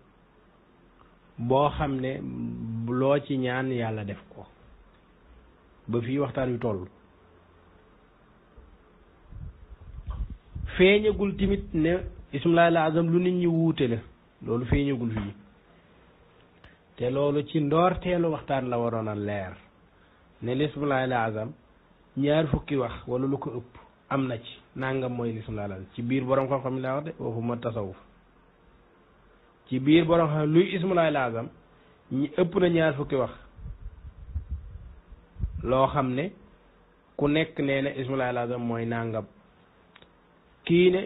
boo xam ne loo ci ñaan yàlla def ko ba fii waxtaan wi toll feeñagul timit ne ismulaay la azam lu nit ñi wuute la loolu feeñagul fii te loolu ci ndoorteelu waxtaan la waroon a leer ne lismulaay la azam ñaar fukki wax wala lu ko ëpp am na ci nangam mooy lismulaay la azam ci biir borom xam-xam yi laa wax de waxuma tasawuf ci biir borom xam luy ismulaay laazam ëpp na ñaar fukki wax loo xam ne ku nekk nee ismulaay laazam mooy nàngam kii ne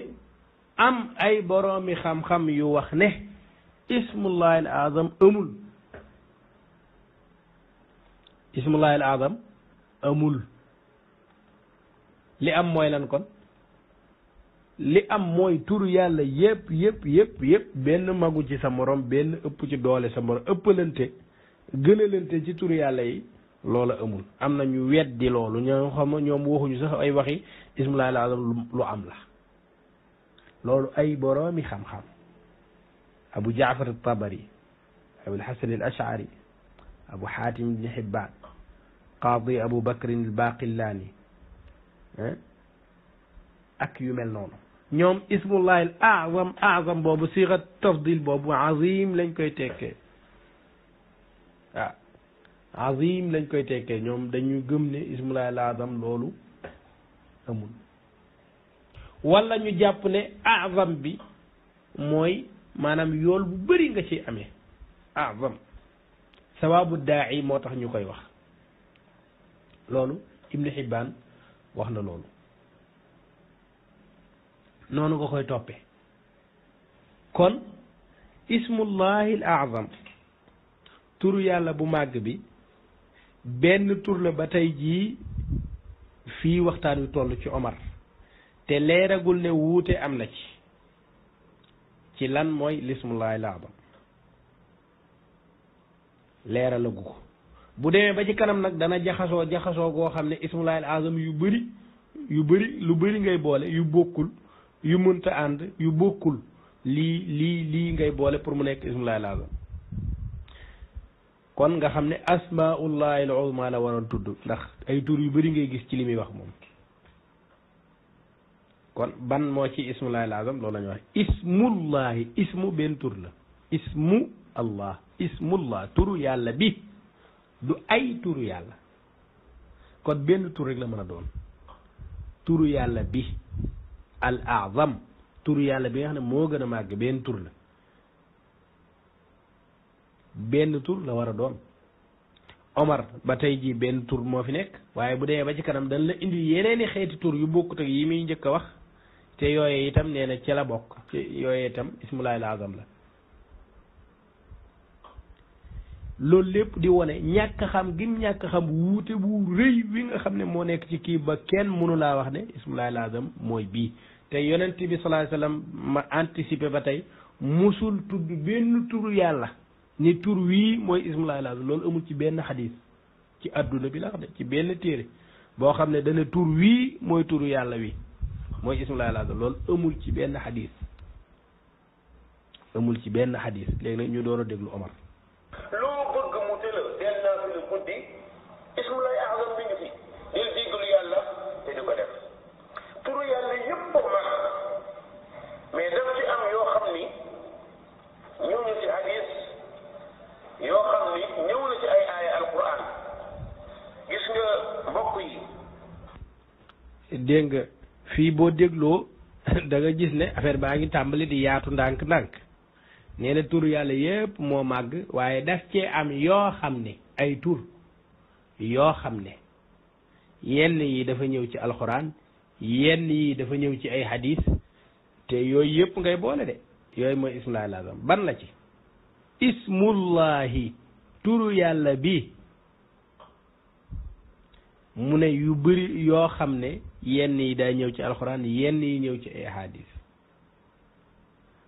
am ay boroomi xam-xam yu wax ne ismulaay laazam amul ismulaay laazam amul li am mooy lan kon li am mooy turu yàlla yépp yépp yépp benn magu ci sa morom benn ëpp ci doole sa morom ëppalante gënalante ci turu yàlla yi loola amul am na ñu weddi loolu ñoo xam ñoom waxuñu sax ay waxi ismu laahil lu am la loolu ay boroomi xam-xam abu jaafar tabari abul hasan al ashari abu xaatim ibni hibbaan abu bakrin al baqillaani eh, ak yu mel noonu ñoom ismullahil azam azam boobu siixat tafdil boobu azim lañ koy tekkee waaw ah, azim lañ koy tekkee ñoom dañuy gëm ne ismullahil azam loolu amul wala ñu jàpp ne azam bi mooy maanaam yool bu bari nga ci amee azam sababu daa yi moo tax ñu koy wax loolu ibnu Xibbaan wax na loolu noonu nga koy toppe kon ismullahil azam tur yàlla bu màgg bi benn tur la ba tey jii fii waxtaan wi toll ci Omar te leeragul ne wuute am na ci ci lan mooy lismullahil azam leeralagu ko bu demee ba ci kanam nag dana jaxasoo jaxasoo goo xam ne ismullahil azam yu bari yu bëri lu bari ngay boole yu bokkul yu mënta ànd yu bokkul lii lii lii ngay boole pour mu nekk ismullahi lazam kon nga xam ne asmaullahi al uzma tudd ndax ay tur yu bëri ngay gis ci li muy wax moom ban moo ci ismullahi lazam loolu la wax ismullahi ismu benn tur la ismu allah ismullah turu yàlla bi du ay turu yàlla kon benn tur rek la mën a doon turu yàlla bi al azam tur yàlla bi nga xam ne moo gën a màgg benn tur la benn tur la war a doon Omar ba tey jii benn tur moo fi nekk waaye bu demee ba ci kanam dañ la indi yeneeni xeeti tur yu bokk ak yi muy njëkk a wax te yooye itam nee na ca la bokk yooye itam ismulaay al azam la loolu lépp di wane ñàkk xam gim ñàkk xam wuute bu rëy wi nga xam ne moo nekk ci kii ba kenn mënu laa wax ne ismulaay laazam mooy bii te yonent bi sallallahu alayhi wasallam ma ba tey musul tudd benn turu ni tur wii mooy ismulaay loolu amul ci benn xadis ci àdduna bi la wax de ci benn téere boo xam ne dana tur wii mooy tur yàlla wi mooy ismulaay laazam loolu amul ci benn xadis amul ci benn xadis léegi nag ñu doon a déglu Omar ismulay gis nga mbokk yi dégg fii boo dégloo danga nga gis ne affaire baa ngi tàmbali di yaatu ndànk-ndànk nee tur yàlla yépp moo màgg waaye def cee am yoo xam ni ay tur yoo xam ne yenn yi dafa ñëw ci alxuraan yenn yi dafa ñëw ci ay hadis te yooyu yëpp ngay boole de yooyu mooy ismullahi lazam ban la ci ismullahi turu yàlla bi mu ne yu bari yoo xam ne yenn yi day ñëw ci alxuraan yenn yi ñëw ci ay hadis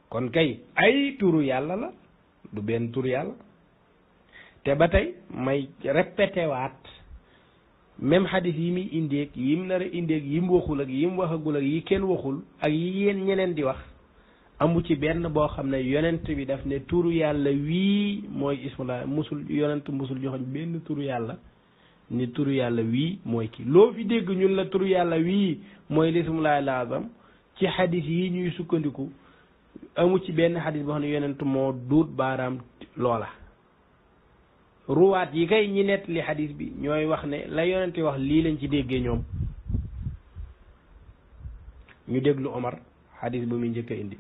kon kay ay turu yàlla la du benn turu yàlla te ba tey may répété waat même yi muy indeeg yim nar a indeeg yim waxul ak yim waxagul ak yi kenn waxul ak yi yéen ñeneen di wax amu ci benn boo xam ne yonent bi daf ne turu yàlla wii mooy ismullah musul yonent musul joxoñ benn turu yàlla ni wii mooy kii loo fi dégg ñun la turu yàlla wii mooy lismullah laazam ci xadis yi ñuy sukkandiku amu ci benn xadis boo xam ne yonent moo duut baaraam loola ruwaat yi kay ñi nettali xadis bi ñooy wax ne la yonente wax lii lañ ci déggee ñoom ñu déglu Omar xadis bu muy njëkk a indi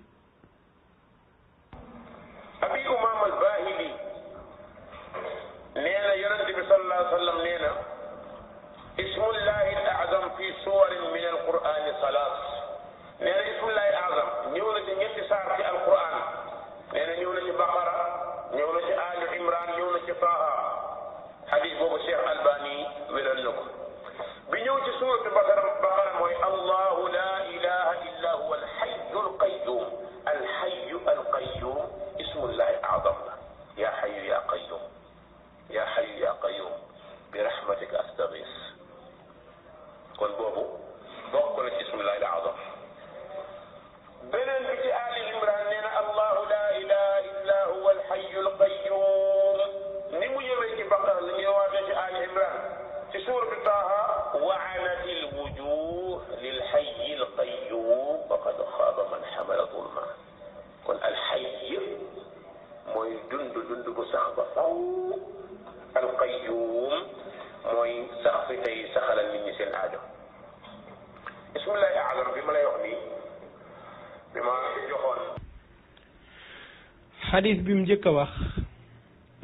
xadis bi mu njëkk a wax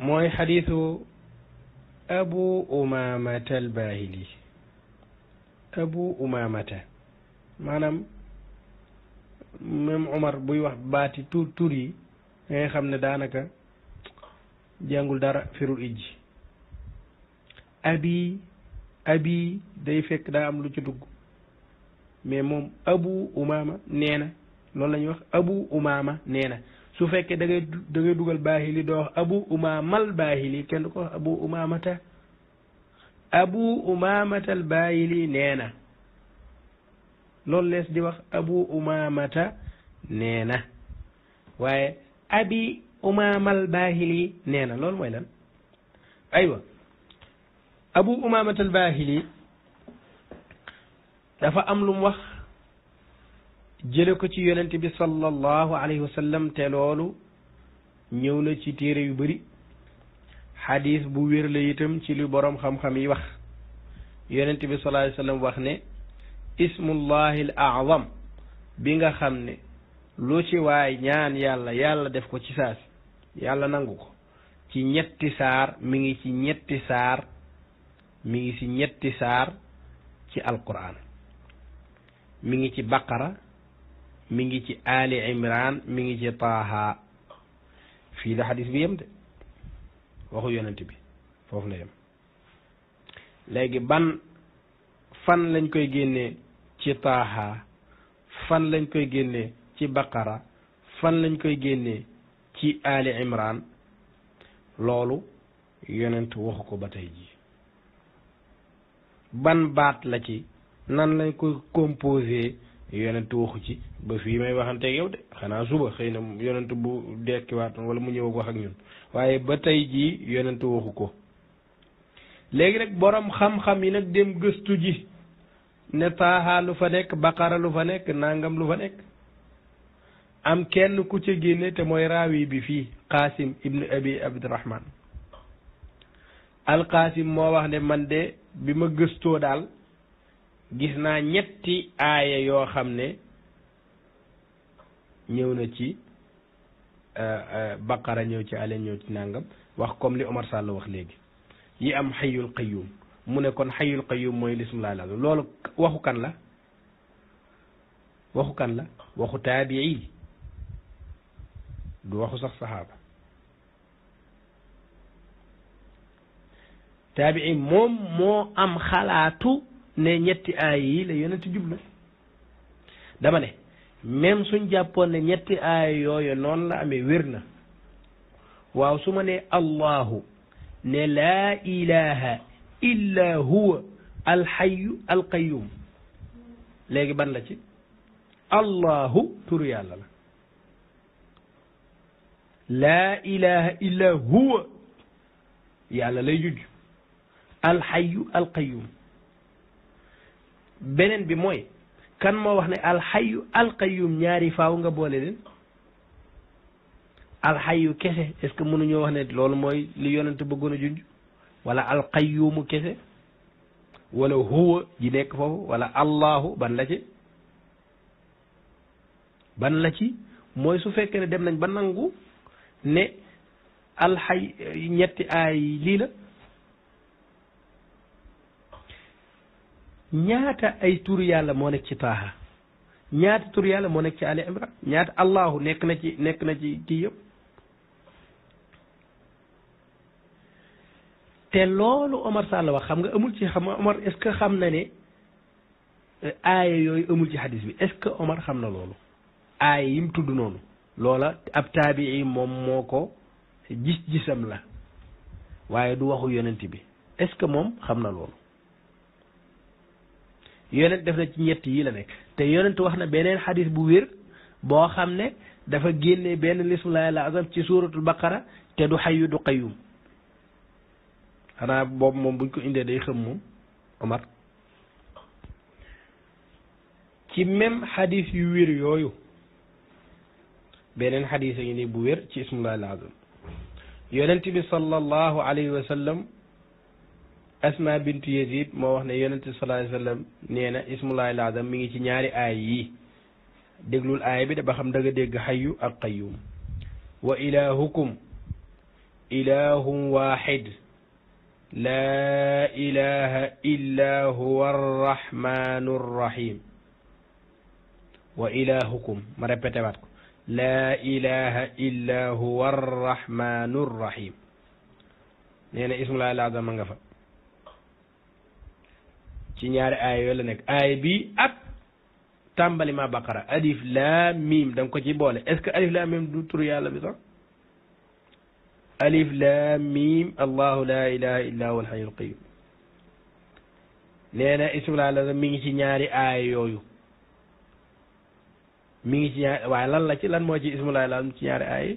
mooy xadisu abu umamata albahili abu umamata maanaam même Omar buy wax baati tur tur yi da xam ne daanaka jàngul dara firul ijji abi abi day fekk daa am lu ci dugg mais moom abu umama neena na loolu la wax abu umama neena su fekkee da dugal baahili doo wax abu umaamal baahili kenn du ko wax umaamata abu umaamatal baahili nee na loolu lees di wax abu umaamata nee na waaye abi umaamal baahili nee na loolu mooy lan aywa abu umaamatal baahili dafa am lum wax jële ko ci yonent bi sallallahu alayhi wa te loolu ñëw na ci téere yu bari xadis bu wér la itam ci lu boroom xam-xam yi wax yonent bi sallallahu alayhi wax ne ismullahi al bi nga xam ne lu ci waay ñaan yàlla yàlla def ko ci saasi yàlla nangu ko ci ñetti saar mi ngi ci ñetti saar mi ngi ci ñetti saar ci alquran mi ngi ci baqara mi ngi ci ali imran mi ngi ci taaha fii la xadis bi yem de waxu yonent bi foofu la yem léegi ban fan lañ koy génnee ci taaha fan lañ koy génnee ci baqara fan lañ koy génnee ci ali imran loolu yonent waxu ko ba tey ji ban baat la ci nan lañ koy composé yonent waxu ci ba fi may waxante yow de xanaa suba xëy na yonent bu dekkiwaatoon wala mu ñëw wax ak ñun waaye ba tey jii yonent waxu ko léegi nag boroom xam-xam yi nag dem gëstu ji ne taaxaalu fa nekk baqaralu lu fa nekk nàngam lu fa nekk am kenn ku ci génne te mooy raawi bi fii qaasim ibnu abi abdirahman alqaasim moo wax ne man de bi ma gëstoo daal gis naa ñetti aaya yoo xam ne ñëw na ci euh, euh, baqara ñëw ci ale ñëw ci nàngam wax comme li Omar Sall wax léegi yi am xayyul qayyum mu ne kon xayyul qayyum mooy lismu laa lazim loolu waxu kan la waxu kan la waxu taabii du waxu sax saxaaba taabii moom moo am xalaatu ne ñetti aay la la yonent jublu dama ne même suñ jàppoon ne ñetti aay yooyu noonu la amee wér na waaw su ma ne allahu ne laa ilaha illa huwa alxayu alqayum léegi ban la ci allahu turu yàlla la laa ilaha illa huwa yàlla lay jujj alxayu alqayum beneen bi mooy kan moo wax ne alxayu alqayum ñaari faaw nga boole leen alxayu kese est-ce que mënuñoo wax ne loolu mooy li yonent bëggoon a junj wala alqayumu kese walla huwa ji nekk foofu wala allahu ban la ci ban la ci mooy su fekkee ne dem nañ ba nangu ne alxay ñetti aay lii la ñaata ay turu yàlla moo nekk ci taaha ñaata turu yàlla moo nekk ci ali imran ñaata allahu nekk na ci nekk na ci kii yëpp te loolu Omar Sall wax xam nga amul ci xam Omar est-ce que xam na ne euh, aaya yooyu amul ci hadis bi est Omar xam na loolu aaya yi mu tudd noonu loola ab taabii moom moo ko gis-gisam la waaye du waxu yonent bi est-ce que moom xam na loolu yonent def na ci ñett yi la nekk te yonent wax na beneen xadis bu wér boo xam ne dafa génne benn lismulaay la azam ci suuratul baqara te du xayu du qayyum xanaa boobu moom buñ ko indee day xam moom Omar ci même xadiis yu wér yooyu beneen xadis a nii bu wér ci ismulaay la azam yonent bi sallallahu alayhi asma bintu yazid moo wax ne yonente bi sallallahu alayhi wa sallam nee mi ngi ci ñaari aay yi déglul aay bi da ba xam da nga dégg xayu qayyum wa ilahukum ilahum waxid laa ilaha illa huwa arrahmanu arrahim wa ilahukum ko laa ilaha illa huwa arrahmanu arrahim nee ci ñaari aaya yooyu la nekk aaya bi ak tàmbali ma baqara alif laam miim da nga ko ci boole est-ce que alif laam miim du turu yàlla bi sax alif laam miim allahu laa ilaha illa huwa alhayyul qayyum nee na ismul azam mi ngi ci ñaari aaya yooyu mi ngi ci ñaari waaye lan la ci lan moo ci ismul azam ci ñaari aaya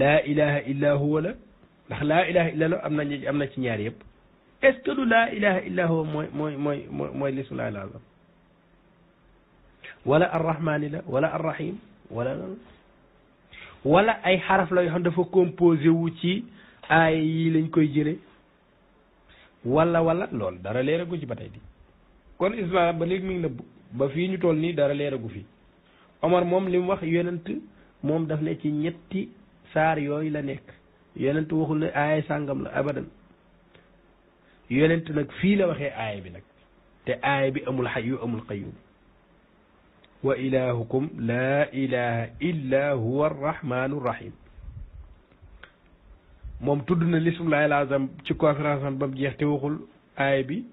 laa ilaha illa huwa la ndax laa ilaha illa la am na am na ci ñaari yëpp est-ce que du laa ilaha illa huwa mooy wala arrahmani la wala arrahim wala wala ay xaraf la yoo xam dafa composé wu ci aay yi lañ koy jële wala wala lool dara leeragu ci ba tey di kon islam ba léegi mi ngi nëbb ba fii ñu toll nii dara leeragu fi Omar moom li wax yonent moom daf ne ci ñetti saar yooyu la nekk yonent waxul ne aay sàngam la abadan يونت نك في لا وخي اي تآي بي أم الحي أم القيوم وإلهكم لا إله إلا هو الرحمن الرحيم مم تدن الاسم لا يلازم تكوى فرانسان بمجيح تيوخل آي بي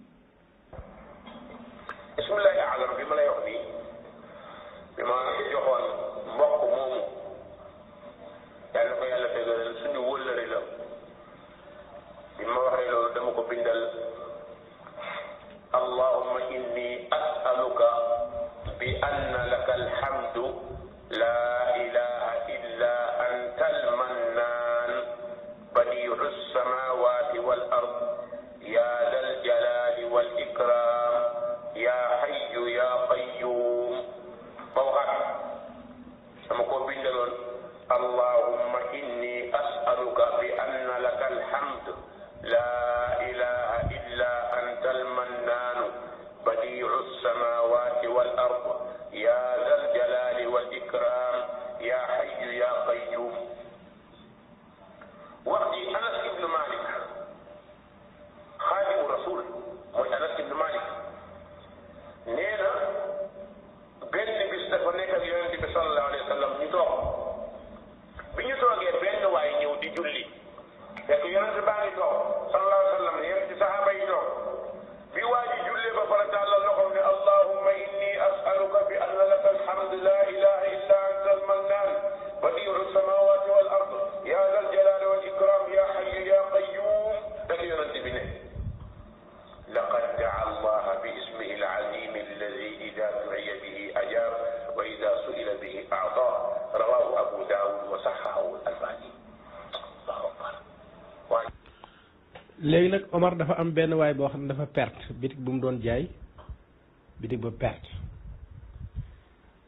Omar dafa am benn waay boo xam ne dafa perte bitig bu doon jaay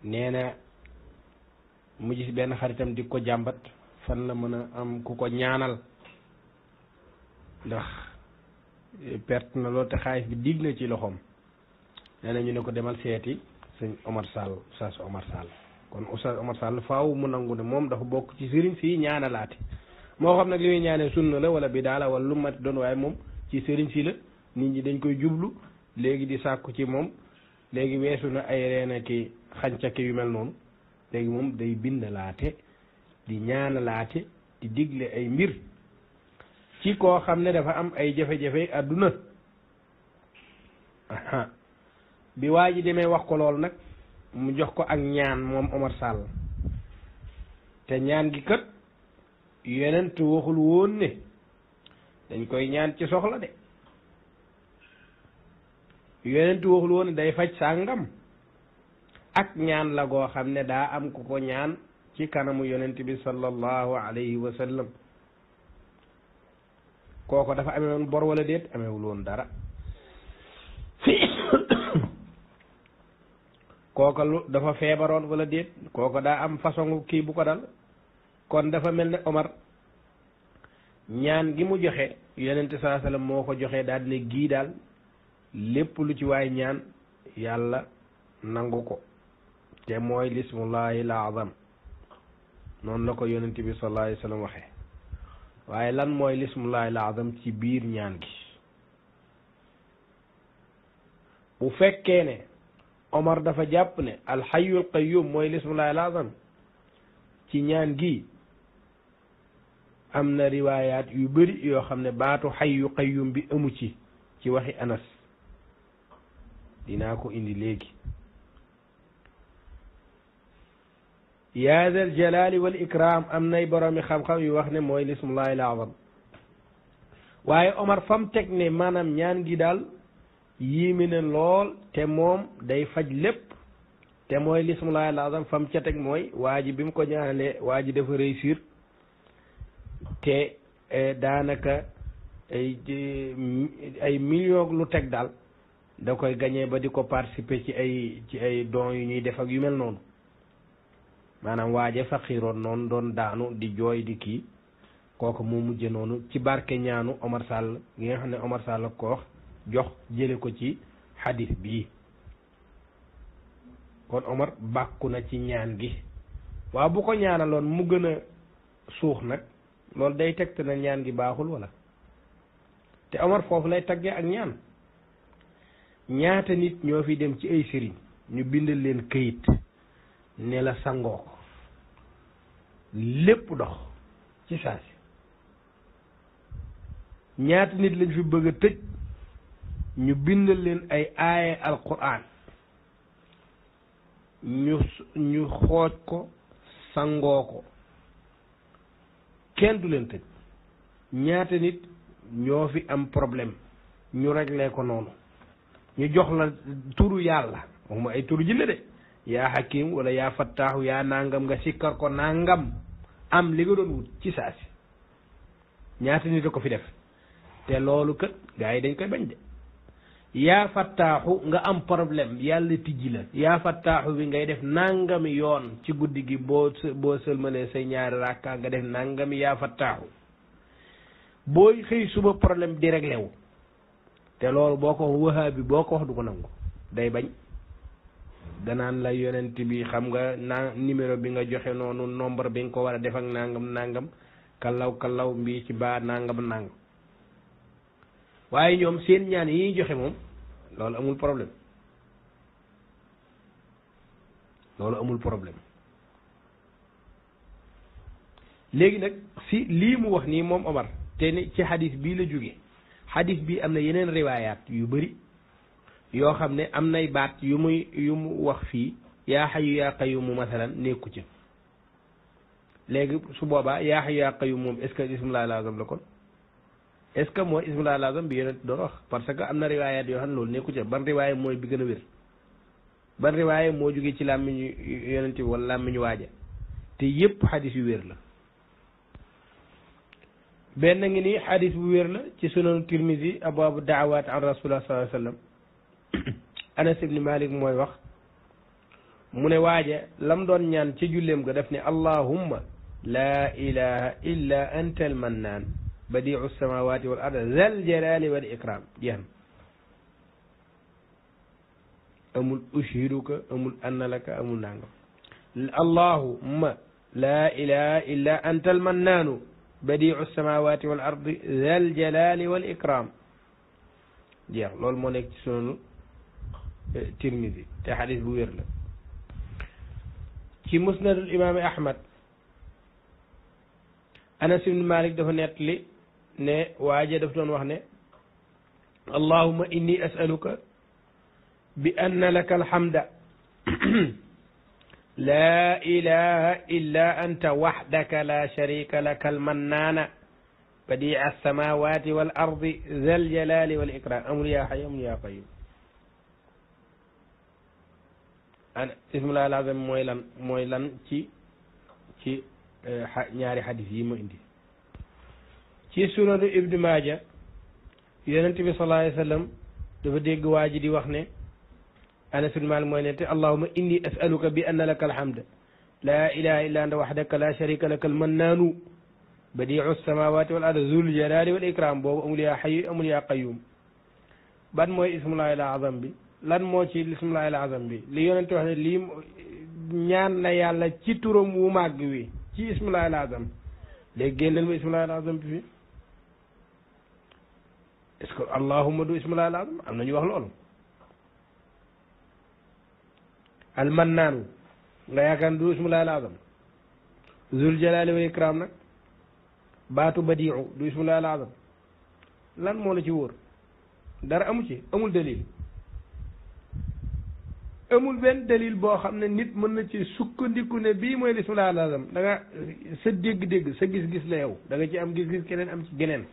na mu gis benn xaritam di ko jàmbat fan la mën a am ku ko ñaanal ndax eh, perte na loolu te xaalis bi digg na ci loxoom nee na ñu ne ko demal seeti sëñ Omar Sall Oustaz Omar Sall kon Oustaz Omar Sall faaw mu nangu ne moom dafa bokk ci sëriñ si ñaanalaate moo xam nag li ñaanee sunna la wala bidaa la wala lu mat doon waaye moom ci sëriñ si la nit ñi dañ koy jublu léegi di sàkku ci moom léegi weesu na ay reena ki xancake yu mel noonu léegi moom day bind laate di ñaanalaate di digle ay mbir ci koo xam ne dafa am ay jafe-jafe àdduna bi waa ji demee wax ko loolu nag mu jox ko ak ñaan moom Omar Sall te ñaan gi kat yeneen waxul woon ne dañ koy ñaan ci soxla de yonent day faj sàngam ak ñaan la goo xam ne daa am ku ko ñaan ci kanamu yonent bi sallallahu alayhi wa sallam kooko dafa amewoon bor wala déet amewul woon dara kooko lu dafa feebaroon wala déet kooko daa am façon kii bu ko dal kon dafa mel ne Omar ñaan gi mu joxe yonente saa sallam moo ko joxee daal gii daal lépp lu ci waay ñaan yàlla nangu ko te mooy lismullahi l azam noonu la ko yonent bi sallallahu alayhi wa waxe waaye lan mooy lismullahi l azam ci biir ñaan gi bu fekkee ne Omar dafa jàpp ne alxayul qayyum mooy lismullahi l ci ñaan gi am na riwaayaat yu bari yoo xam ne baatu xayu qayyum bi amu ci ci waxi anas dinaa ko indi léegi yaa zal jalaali wal ikraam am nay boroomi xam-xam yu wax ne mooy lismullahi al azam waaye omar fam teg ne maanaam ñaan gi daal yéeme na lool te moom day faj lépp te mooy lismullahi al azam fam ca teg mooy waa ji bi mu ko ñaanalee waa ji dafa réussir te e, daanaka ay millions lu teg daal da koy gañee ba di ko participer ci ay ci ay dons yu ñuy def ak yu mel noonu maanaam waaje faqiiroon noonu doon daanu di jooy di kii kooku moo mujje noonu ci barke ñaanu Omar Sall gi nga xam ne Omar Sall ko jox jële ko ci xadis bii kon Omar bàkku na ci ñaan gi waaw bu ko ñaanaloon mu gën a suux nag loolu day tegt na ñaan gi baaxul wala te Omar foofu lay taggee ak ñaan ñaata nit ñoo fi dem ci ay sëriñ ñu bindal leen këyit ne la sangoo ko lépp dox ci saasi ñaata nit lañ fi bëgg a tëj ñu bindal leen ay aaye alquran ñu ñu xooj ko sangoo ko kenn du leen tëj ñaata nit ñoo fi am problème ñu réglé ko noonu ñu jox la turu yàlla moom ay turu jinne de yaa hakim wala yaa fattaaxu yaa nangam nga sikkar ko nangam am li nga doon wut ci saasi ñaata nit a ko fi def te loolu kat gars yi dañ koy bañ de yaa fattaaxu nga am problème yàlla tijji la yaa fattaaxu bi ngay def nangami yoon ci guddi gi boo boo sëlmalee say ñaari rakka nga def nangami yaa fattaaxu booy xëy suba problème di réglé wu te loolu boo ko waxaa bi boo ko wax du ko nangu day bañ danaan la yonent bi xam nga naa numéro bi nga joxe noonu nombre bi nga ko war a def ak nangam nangam kallaw kallaw mbii ci baa nangam nangam waaye ñoom seen ñaan yi ñuy joxe moom loolu amul problème loolu amul problème léegi nag si lii mu wax nii moom Omar te ni ci xadis bii la jóge xadis bii am na yeneen riwaayaat yu bari yoo xam ne am nay baat yu muy yu mu wax fii yaa xayu yaa qayumu masalan nekku ci léegi su boobaa yaa xayu yaa yu moom est-ce que la kon est ce que mooy ismul lazam bi yonent doon wax parce que am na riwaayaat yoo xam ne loolu nekku ca ban riwaaya mooy bi gën a wér ban moo jógee ci làmmiñu yonent bi wala làmmiñu waaja te yépp xadis yu wér la benn ngi nii xadis bu wér la ci sunan tirmisi abwaabu daawaat an rasulullah sallallahu alayhi wasallam anas ibni malik mooy wax mu ne waaja lam doon ñaan ci julleem ga def ni allahumma laa ilaha illa anta al mannaan بديع السماوات والأرض ذا الجلال والإكرام يهم أمل أشهدك أمل أن لك أمل نعم الله ما لا إله إلا أنت المنان بديع السماوات والأرض ذا الجلال والإكرام ديار لول مو نيك ترمذي تي حديث بو وير مسند الامام احمد انس بن مالك دا لي ne waaje daf doon wax ne allahuma inni asaluka bi anna laka alhamda laa ilaha illa anta wahdaka la sharika laka almannaana بديع السماوات والأرض ذا الجلال والإكرام أمر يا حي أمر يا قيوم أنا اسم الله العظيم مويلان مويلان تي تي ñaari hadith yi ma indi ci sunanu ibnu maaja yonent bi sallallahu alayhi wa sallam dafa dégg waa ji di wax ne anas bin maalik mooy ne te allahuma inni asaluka bi anna laka alhamd laa ilaha illa anta waxdaka la sharika laka almannaanu badiu samawati wal ard zul jalali wal ikram boobu amul yaa xayu amul yaa qayum ban mooy ismullahi al azam bi lan moo ci ismullahi al azam bi li yonente wax ne lii ñaan na yàlla ci turam wu màgg wi ci ismullahi al azam léegi génneel ma ismullahi al azam bi fii est-ce que allahuma du ismul azam am na ñu wax loolu almannaanu nga yaakaar du ismul azam zul jalali wal ikram nag baatu badiu du ismul azam lan moo la ci wóor dara amu ci amul dalil amul benn dalil boo xam ne nit mën na ci sukkandiku ne bii mooy ismul azam da nga sa dégg-dégg sa gis-gis la yow da nga ci am gis-gis keneen am ci geneen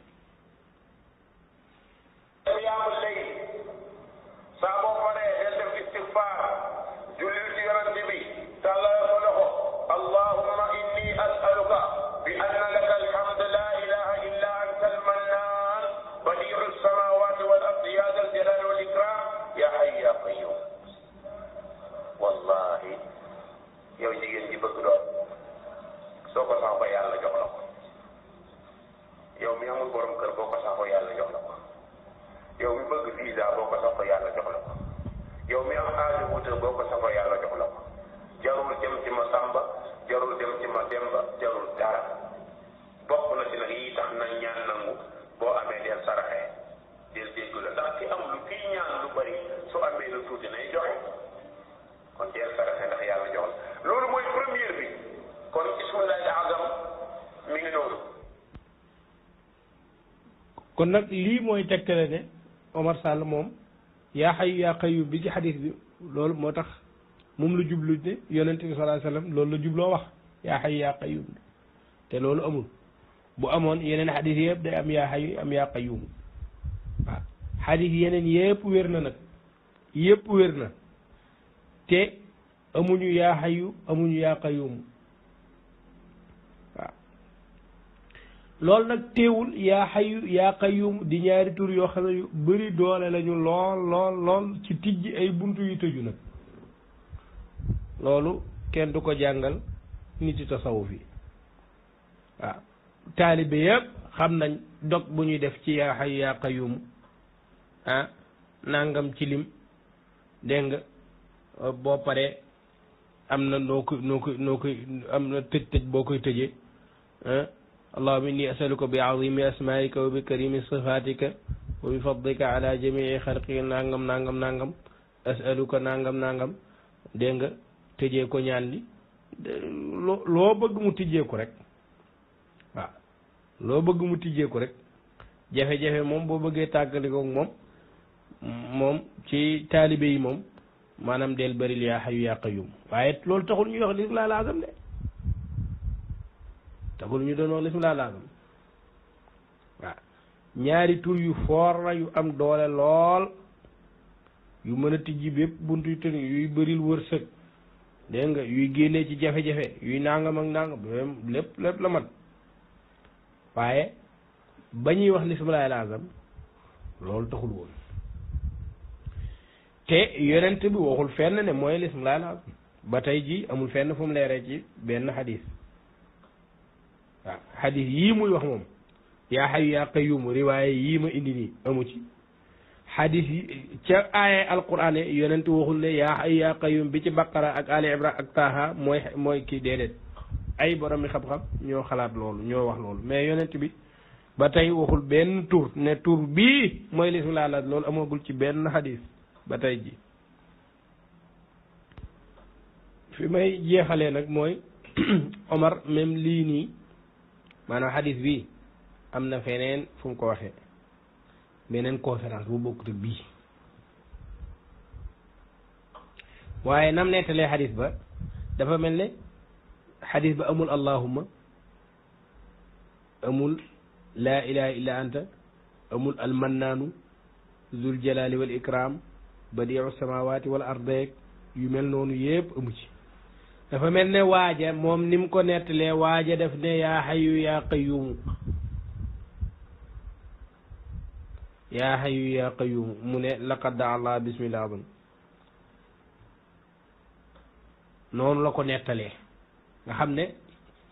nag lii mooy tegtale ne Omar moom yaa xayu yaa xayu bi ci xadis bi loolu moo tax moom lu jublu ne yonent bi sallallahu alayhi loolu la jubloo wax yaa xayu yaa te loolu amul bu amoon yeneen xadis yëpp day am yaa xayu am yaa xayu waaw xadis yeneen yëpp wér na nag yëpp wér na te amuñu yaa amuñu yaa xayu loolu nag teewul yaa xayu yaa qayyum di ñaari tur yoo xam ne yu bari doole lañu lool lool lool ci tijji ay buntu yu tëju nag loolu kenn du ko jàngal nit yi tasawuf yi waaw taalibe yëpp xam nañ dog bu ñuy def ci yaa xayu yaa qayyum ah, nàngam ci lim dégg nga boo paree am na noo ko noo ko noo koy am na tëj tëj boo koy tëjee ah. allahuma inni asaluka bi azimi asmaika wa bi karimi sifatika wa bi fadlika ala jamii xalqi nangam nangam nangam asaluka nangam nangam dégg nga tëjee ko ñaan li loo bëgg mu tijjee rek waaw loo bëgg mu tijjee rek jafe-jafe moom boo bëggee tàggalikoo moom moom ci taalibe yi moom maanaam del baril yaa xayu yaa qayum waaye loolu taxul ñuy wax lislaam laazam de taxul ñu doon wax bismillah laazam waaw ñaari tur yu foor la yu am doole lool yu mën a tijji bépp bunt yu tën yuy bëril wërsëg dégg nga yuy génnee ci jafe-jafe yuy nangam ak nangam lépp lépp la mat waaye ba ñuy wax lismulaay laazam loolu taxul woon te yonent bi waxul fenn ne mooy lismulaay laazam ba tey ji amul fenn fu mu leeree ci benn xadis waaw xadis yii muy wax moom yaa yàq yaa qayumu riwaaye yii ma indi nii amu ci xadis yi ca aaya alquran yi yonent waxul ne yaa xayu yaa qayum bi ci baqara ak ali ibra ak taaha mooy mooy kii déedéet ay borom mi xam ñoo xalaat loolu ñoo wax loolu mais yonent bi ba tey waxul benn tur ne tur bii mooy lisu laalaat loolu amagul ci benn xadis ba tey ji fi may jeexalee nag mooy Omar même lii nii maanaam xadis bi am na feneen fu mu ko waxee beneen conférence bu bokkut bii waaye nam nettalee xadis ba dafa mel ne xadis ba amul allahumma amul laa ilaha illa anta amul almannaanu zul jalali wal ikram badiu samawati wal ardeek yu mel noonu yëpp amu ci dafa mel ne waaja moom ni mu ko nettalee waaja daf ne yaa xayu yàq qayumu yaa yu yaa qayumu mu ne laqad daa allah bismillah azim noonu la ko nettalee nga xam ne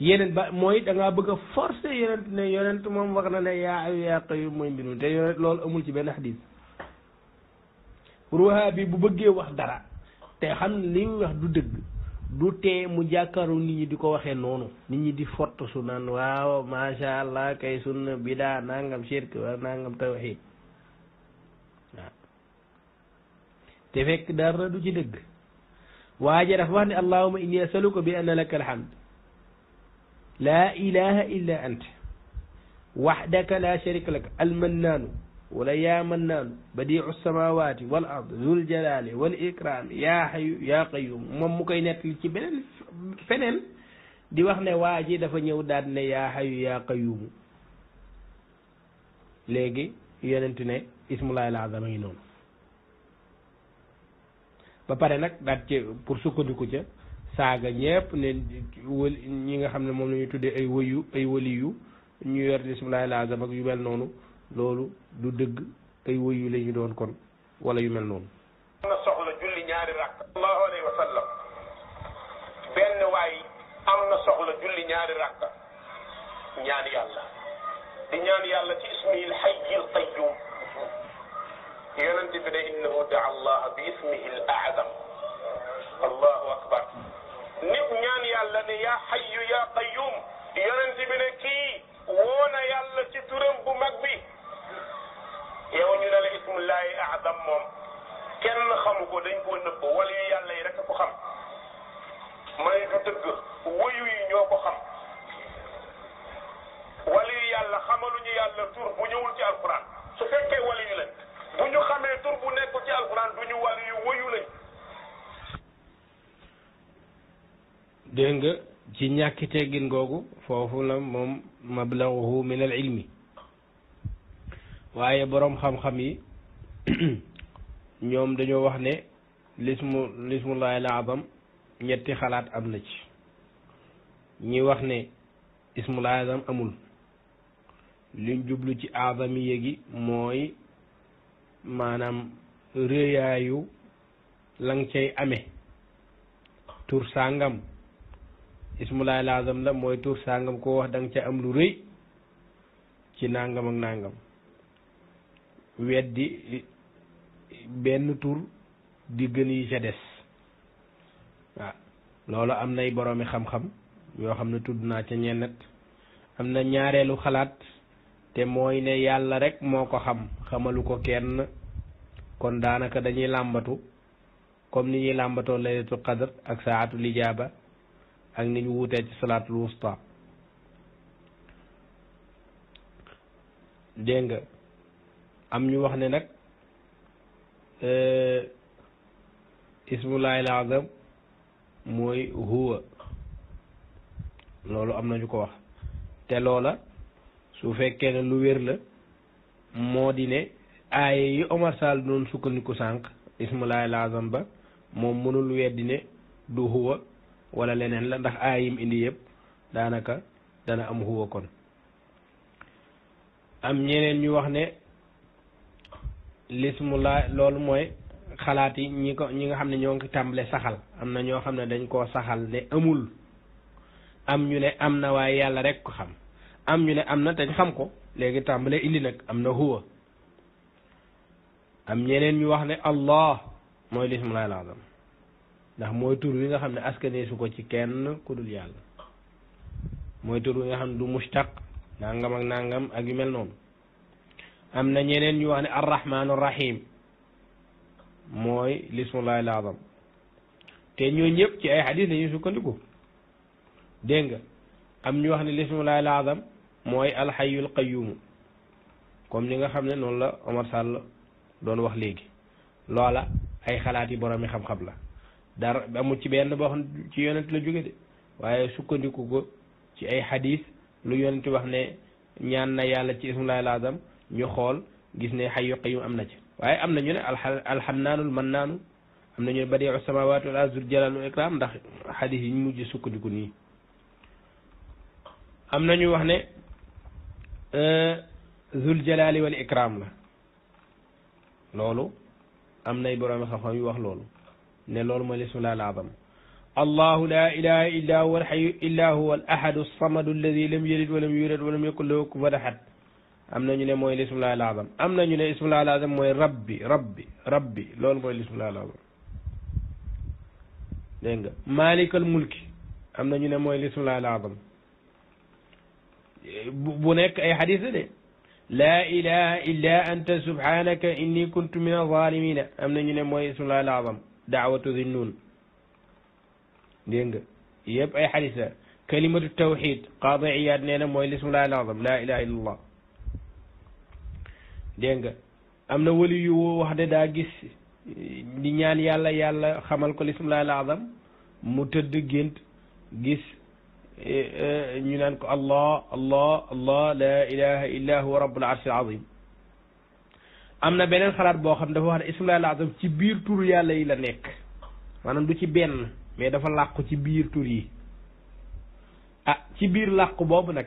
yeneen ba mooy da ngaa bëgg a forcer yonent ne yonent moom wax na ne yaa xayu yaa qayum mooy mbirum te yonent loolu amul ci benn xadis ruha bu bëggee wax dara te xam ne li muy wax du dëgg du tee mu jàkkaaru nit ñi di ko waxee noonu nit ñi di fott su naan waaw macha allah kay sunna bidaa nangam shirk wa nangam tawxiid te fekk dara du ci dëgg waaja dafa wax ne allahuma inni asaluka bi anna laka alhamd laa ilaha illa ant waxdaka la sharika laka almannaanu wala yaa mannaanu badiu samawati wal ard zul jalali wal ikram yaa xayu yaa qayum moom mu koy nettali ci beneen feneen di wax ne waa ji dafa ñëw daal ne yaa xayu yaa qayumu léegi yonent ne ismulaay laazama ngi noonu ba pare nag daat pour sukkandiku ca saaga ñëpp ne nga xam ne moom la tuddee ay wëyu ay wëli ñu yor ismulaay laazam ak yu mel noonu loolu du dëgg ay wëyu la ñu doon kon wala yu mel noonu na soxla julli ñaari rakk allahu alayhi wa sallam benn waay am na soxla julli ñaari rakk ñaan yàlla di ñaan yàlla ci ismihil hayyil qayyum yonent bi ne innahu daa allah bi ismihil a'zam allahu akbar nit ñaan yàlla ne yaa hayyu yaa qayyum yonent bi ne kii woona yàlla ci turam bu mag bi yow ñu ne la ismullaahi aadam moom kenn xamu ko dañ koo nëbb wala yu yàlla yi rek ko xam mooy du dëgg wayu yi ñoo ko xam wala yu yàlla xamaluñu yàlla tur bu ñëwul ci alquran su fekkee wala yu lañ bu ñu xamee tur bu nekk ci alquran du ñu wala yu lañ. dégg nga ci ñàkk teggin googu foofu la moom mablaguhu min ilmi waaye boroom xam-xam yi ñoom dañoo wax ne lismu lismulaay al ñetti xalaat am na ci ñi wax ne ismullahi azam amul liñ jublu ci azam yéegi mooy maanaam rëyaayu lang cay amee tur sàngam ismullahi al azam la mooy tur sàngam koo wax danga ca am lu rëy ci nangam ak nangam weddi benn tur di gën yi ca des waaw loolu am nay boroomi xam-xam yoo xam ne tudd naa ca ñennat am na ñaareelu xalaat te mooy ne yàlla rek moo ko xam xamalu ko kenn kon daanaka dañuy làmbatu comme ni ñuy làmbatoo laylatul qadr ak saatul ijaaba ak ni ñu wuutee ci salaatul wusta dégg nga am ñu wax ne nag euh, ismullaahil azam mooy huwa loolu am na ñu ko wax te loola su fekkee ne lu wér la moo di ne aaye yi Omar Sall doon sukkandiku sànq ismullaahil azam ba moom mënul weddi ne du huwa wala leneen la ndax aay indi yëpp daanaka dana am huwa kon am ñeneen ñu wax ne lismu loolu mooy xalaat yi ñi ko ñi nga xam ne ñoo ngi tàmbale saxal am na ñoo xam ne dañ koo saxal ne amul am ñu ne am na waaye yàlla rek xam am ñu ne am na te xam ko léegi tàmbale indi nag am na huwa am ñeneen ñu wax ne allah mooy lismu laay laazam ndax mooy tur wi nga xam ne askane su ko ci kenn ku dul yàlla mooy tur wi nga xam ne du mushtaq nangam ak nangam ak yu mel noonu am na ñeneen ñu wax ne arrahmanu rahim mooy lismullahi laazam te ñoo ñëpp ci ay xadis lañuy sukkandiku dégg nga am ñu wax ne lismullahi laazam mooy alxayul qayumu comme ni nga xam ne noonu la Omar Sall doon wax léegi loola ay xalaat yi boromi xam-xam la dara mu ci benn boo xam ci yonent la jóge de waaye sukkandiku ko ci ay xadis lu yonent wax ne ñaan na yàlla ci ismullahi laazam ñu xool gis ne xayu qayyum am na ci waaye am na ñu ne alxannaanul mannaanu am na ñu ne badiu samawaati wal azul jalal wal ikram ndax xadis yi ñu mujj sukkandiku nii am na ñu wax ne euh, zul jalali wal ikram la loolu am nay borom xam yu wax loolu ne loolu mooy lismul azam allahu la ilaha illa huwa alxayu illa huwa al ahadu samadu alladi lam yalid walam yulad walam yakun lahu kufuwan ahad am na ñu ne mooy lismullah al azam am na ñu ne ismullah al azam mooy rabbi rabbi rabbi loolu mooy lismullah al azam dégg nga maalikal mulki am na ñu ne mooy lismullah al azam bu nekk ay xadis la de laa ilaha illa anta subhanaka inni kuntu min azalimina am na ñu ne mooy ismullah al azam daawatu di nuun dégg nga yëpp ay xadis la kalimatu tawxid qaadi iyaad nee na mooy lismullah al azam laa ilaha illa allah dégg nga am na wali yu wax de daa gis di ñaan yàlla yàlla xamal ko lismulahi azam mu tëdd gént gis e, e, ñu naan ko allah allah allah la ilaha illa huwa rabbul arshil am na beneen xalaat boo xam dafa wax ne ismulahi azam ci biir tur yàlla yi la nekk maanaam du ci benn mais dafa làqu ci biir tur yi ah ci biir làqu boobu nag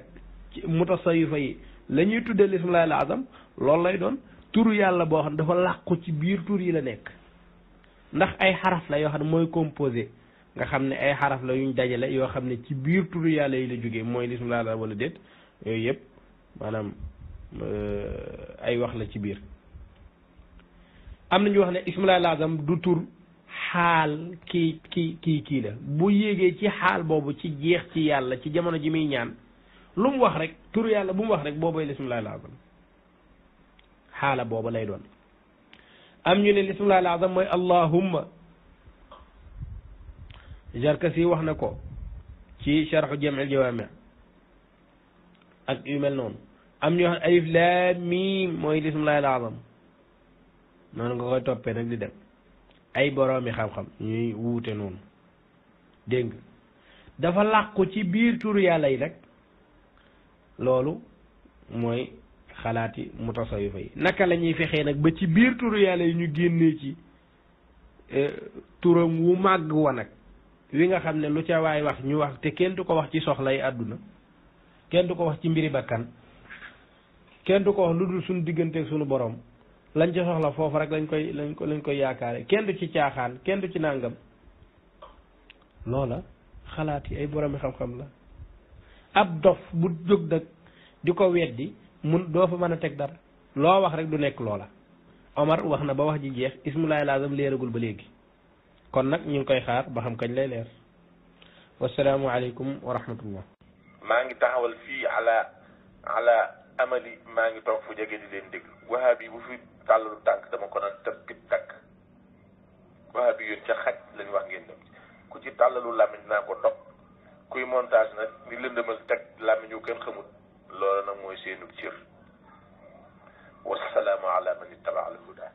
mutasawifa yi la ñuy tuddee lismulaay al azam loolu lay doon tur yàlla boo xam ne dafa làqu ci biir tur yi la nekk ndax ay xaraf la yoo xam ne mooy composé nga xam ne ay xaraf la yuñ dajale yoo xam ne ci biir turu yàlla yi la jógee mooy lismulaay al wala déet yooyu yëpp maanaam euh, ay wax la ci biir am nañu wax ne ismulaay al du tur xaal kii ki kii kii la bu yéegee ci xaal boobu ci jeex ci yàlla ci jamono ji muy ñaan lu mu wax rek tur yàlla bu mu wax rek boobay lismullahi alazam xaala booba lay doon am ñu ne lismullahi alazam mooy allahumma jarkasi wax na ko ci sharxu jamil jawaami ak yu mel noonu am ñu wax alif laam miim mooy lismullahi alazam noonu di dem ay boroomi xam-xam ñuy wuute noonu dégg nga dafa làqu ci biir tur yàlla yi rek loolu mooy xalaati mutasawifa yi naka lañuy ñuy nag ba ci biir turu yi ñu génnee ci eh, turam wu màgg wa nag wi nga xam ne lu ca waay wax ñu wax te kenn du ko wax ci soxla yi àdduna kenn du ko wax ci mbiri bakkan kenn du ko wax lu dul suñu digganteeg suñu borom lañ ca soxla foofu rek lañ koy lañ ko lañ koy yaakaare kenn du ci caaxaan kenn du ci nàngam loola xalaat yi ay boromi xam-xam la ab dof bu jóg nag di ko weddi mun doo fa mën a teg dara loo wax rek du nekk loola Omar wax na ba wax ji jeex ismulaay laazam leeragul ba léegi kon nag ñu ngi koy xaar ba xam kañ lay leer wasalaamualeykum wa ngi taxawal fii ala ala maa ngi toog fu jege di leen wahaab yi bu fi tàllalu tànk dama ko naan tëb pit tàkk wahaab yi yoon ca xaj lañu wax ngeen ku ci tàllalu làmmiñ naa ko topp kuy montage nag ni lëndëmal teg làmmiñ ñu kenn xamut loola nag mooy seenub cër wasalaamu ala man ittaba al huda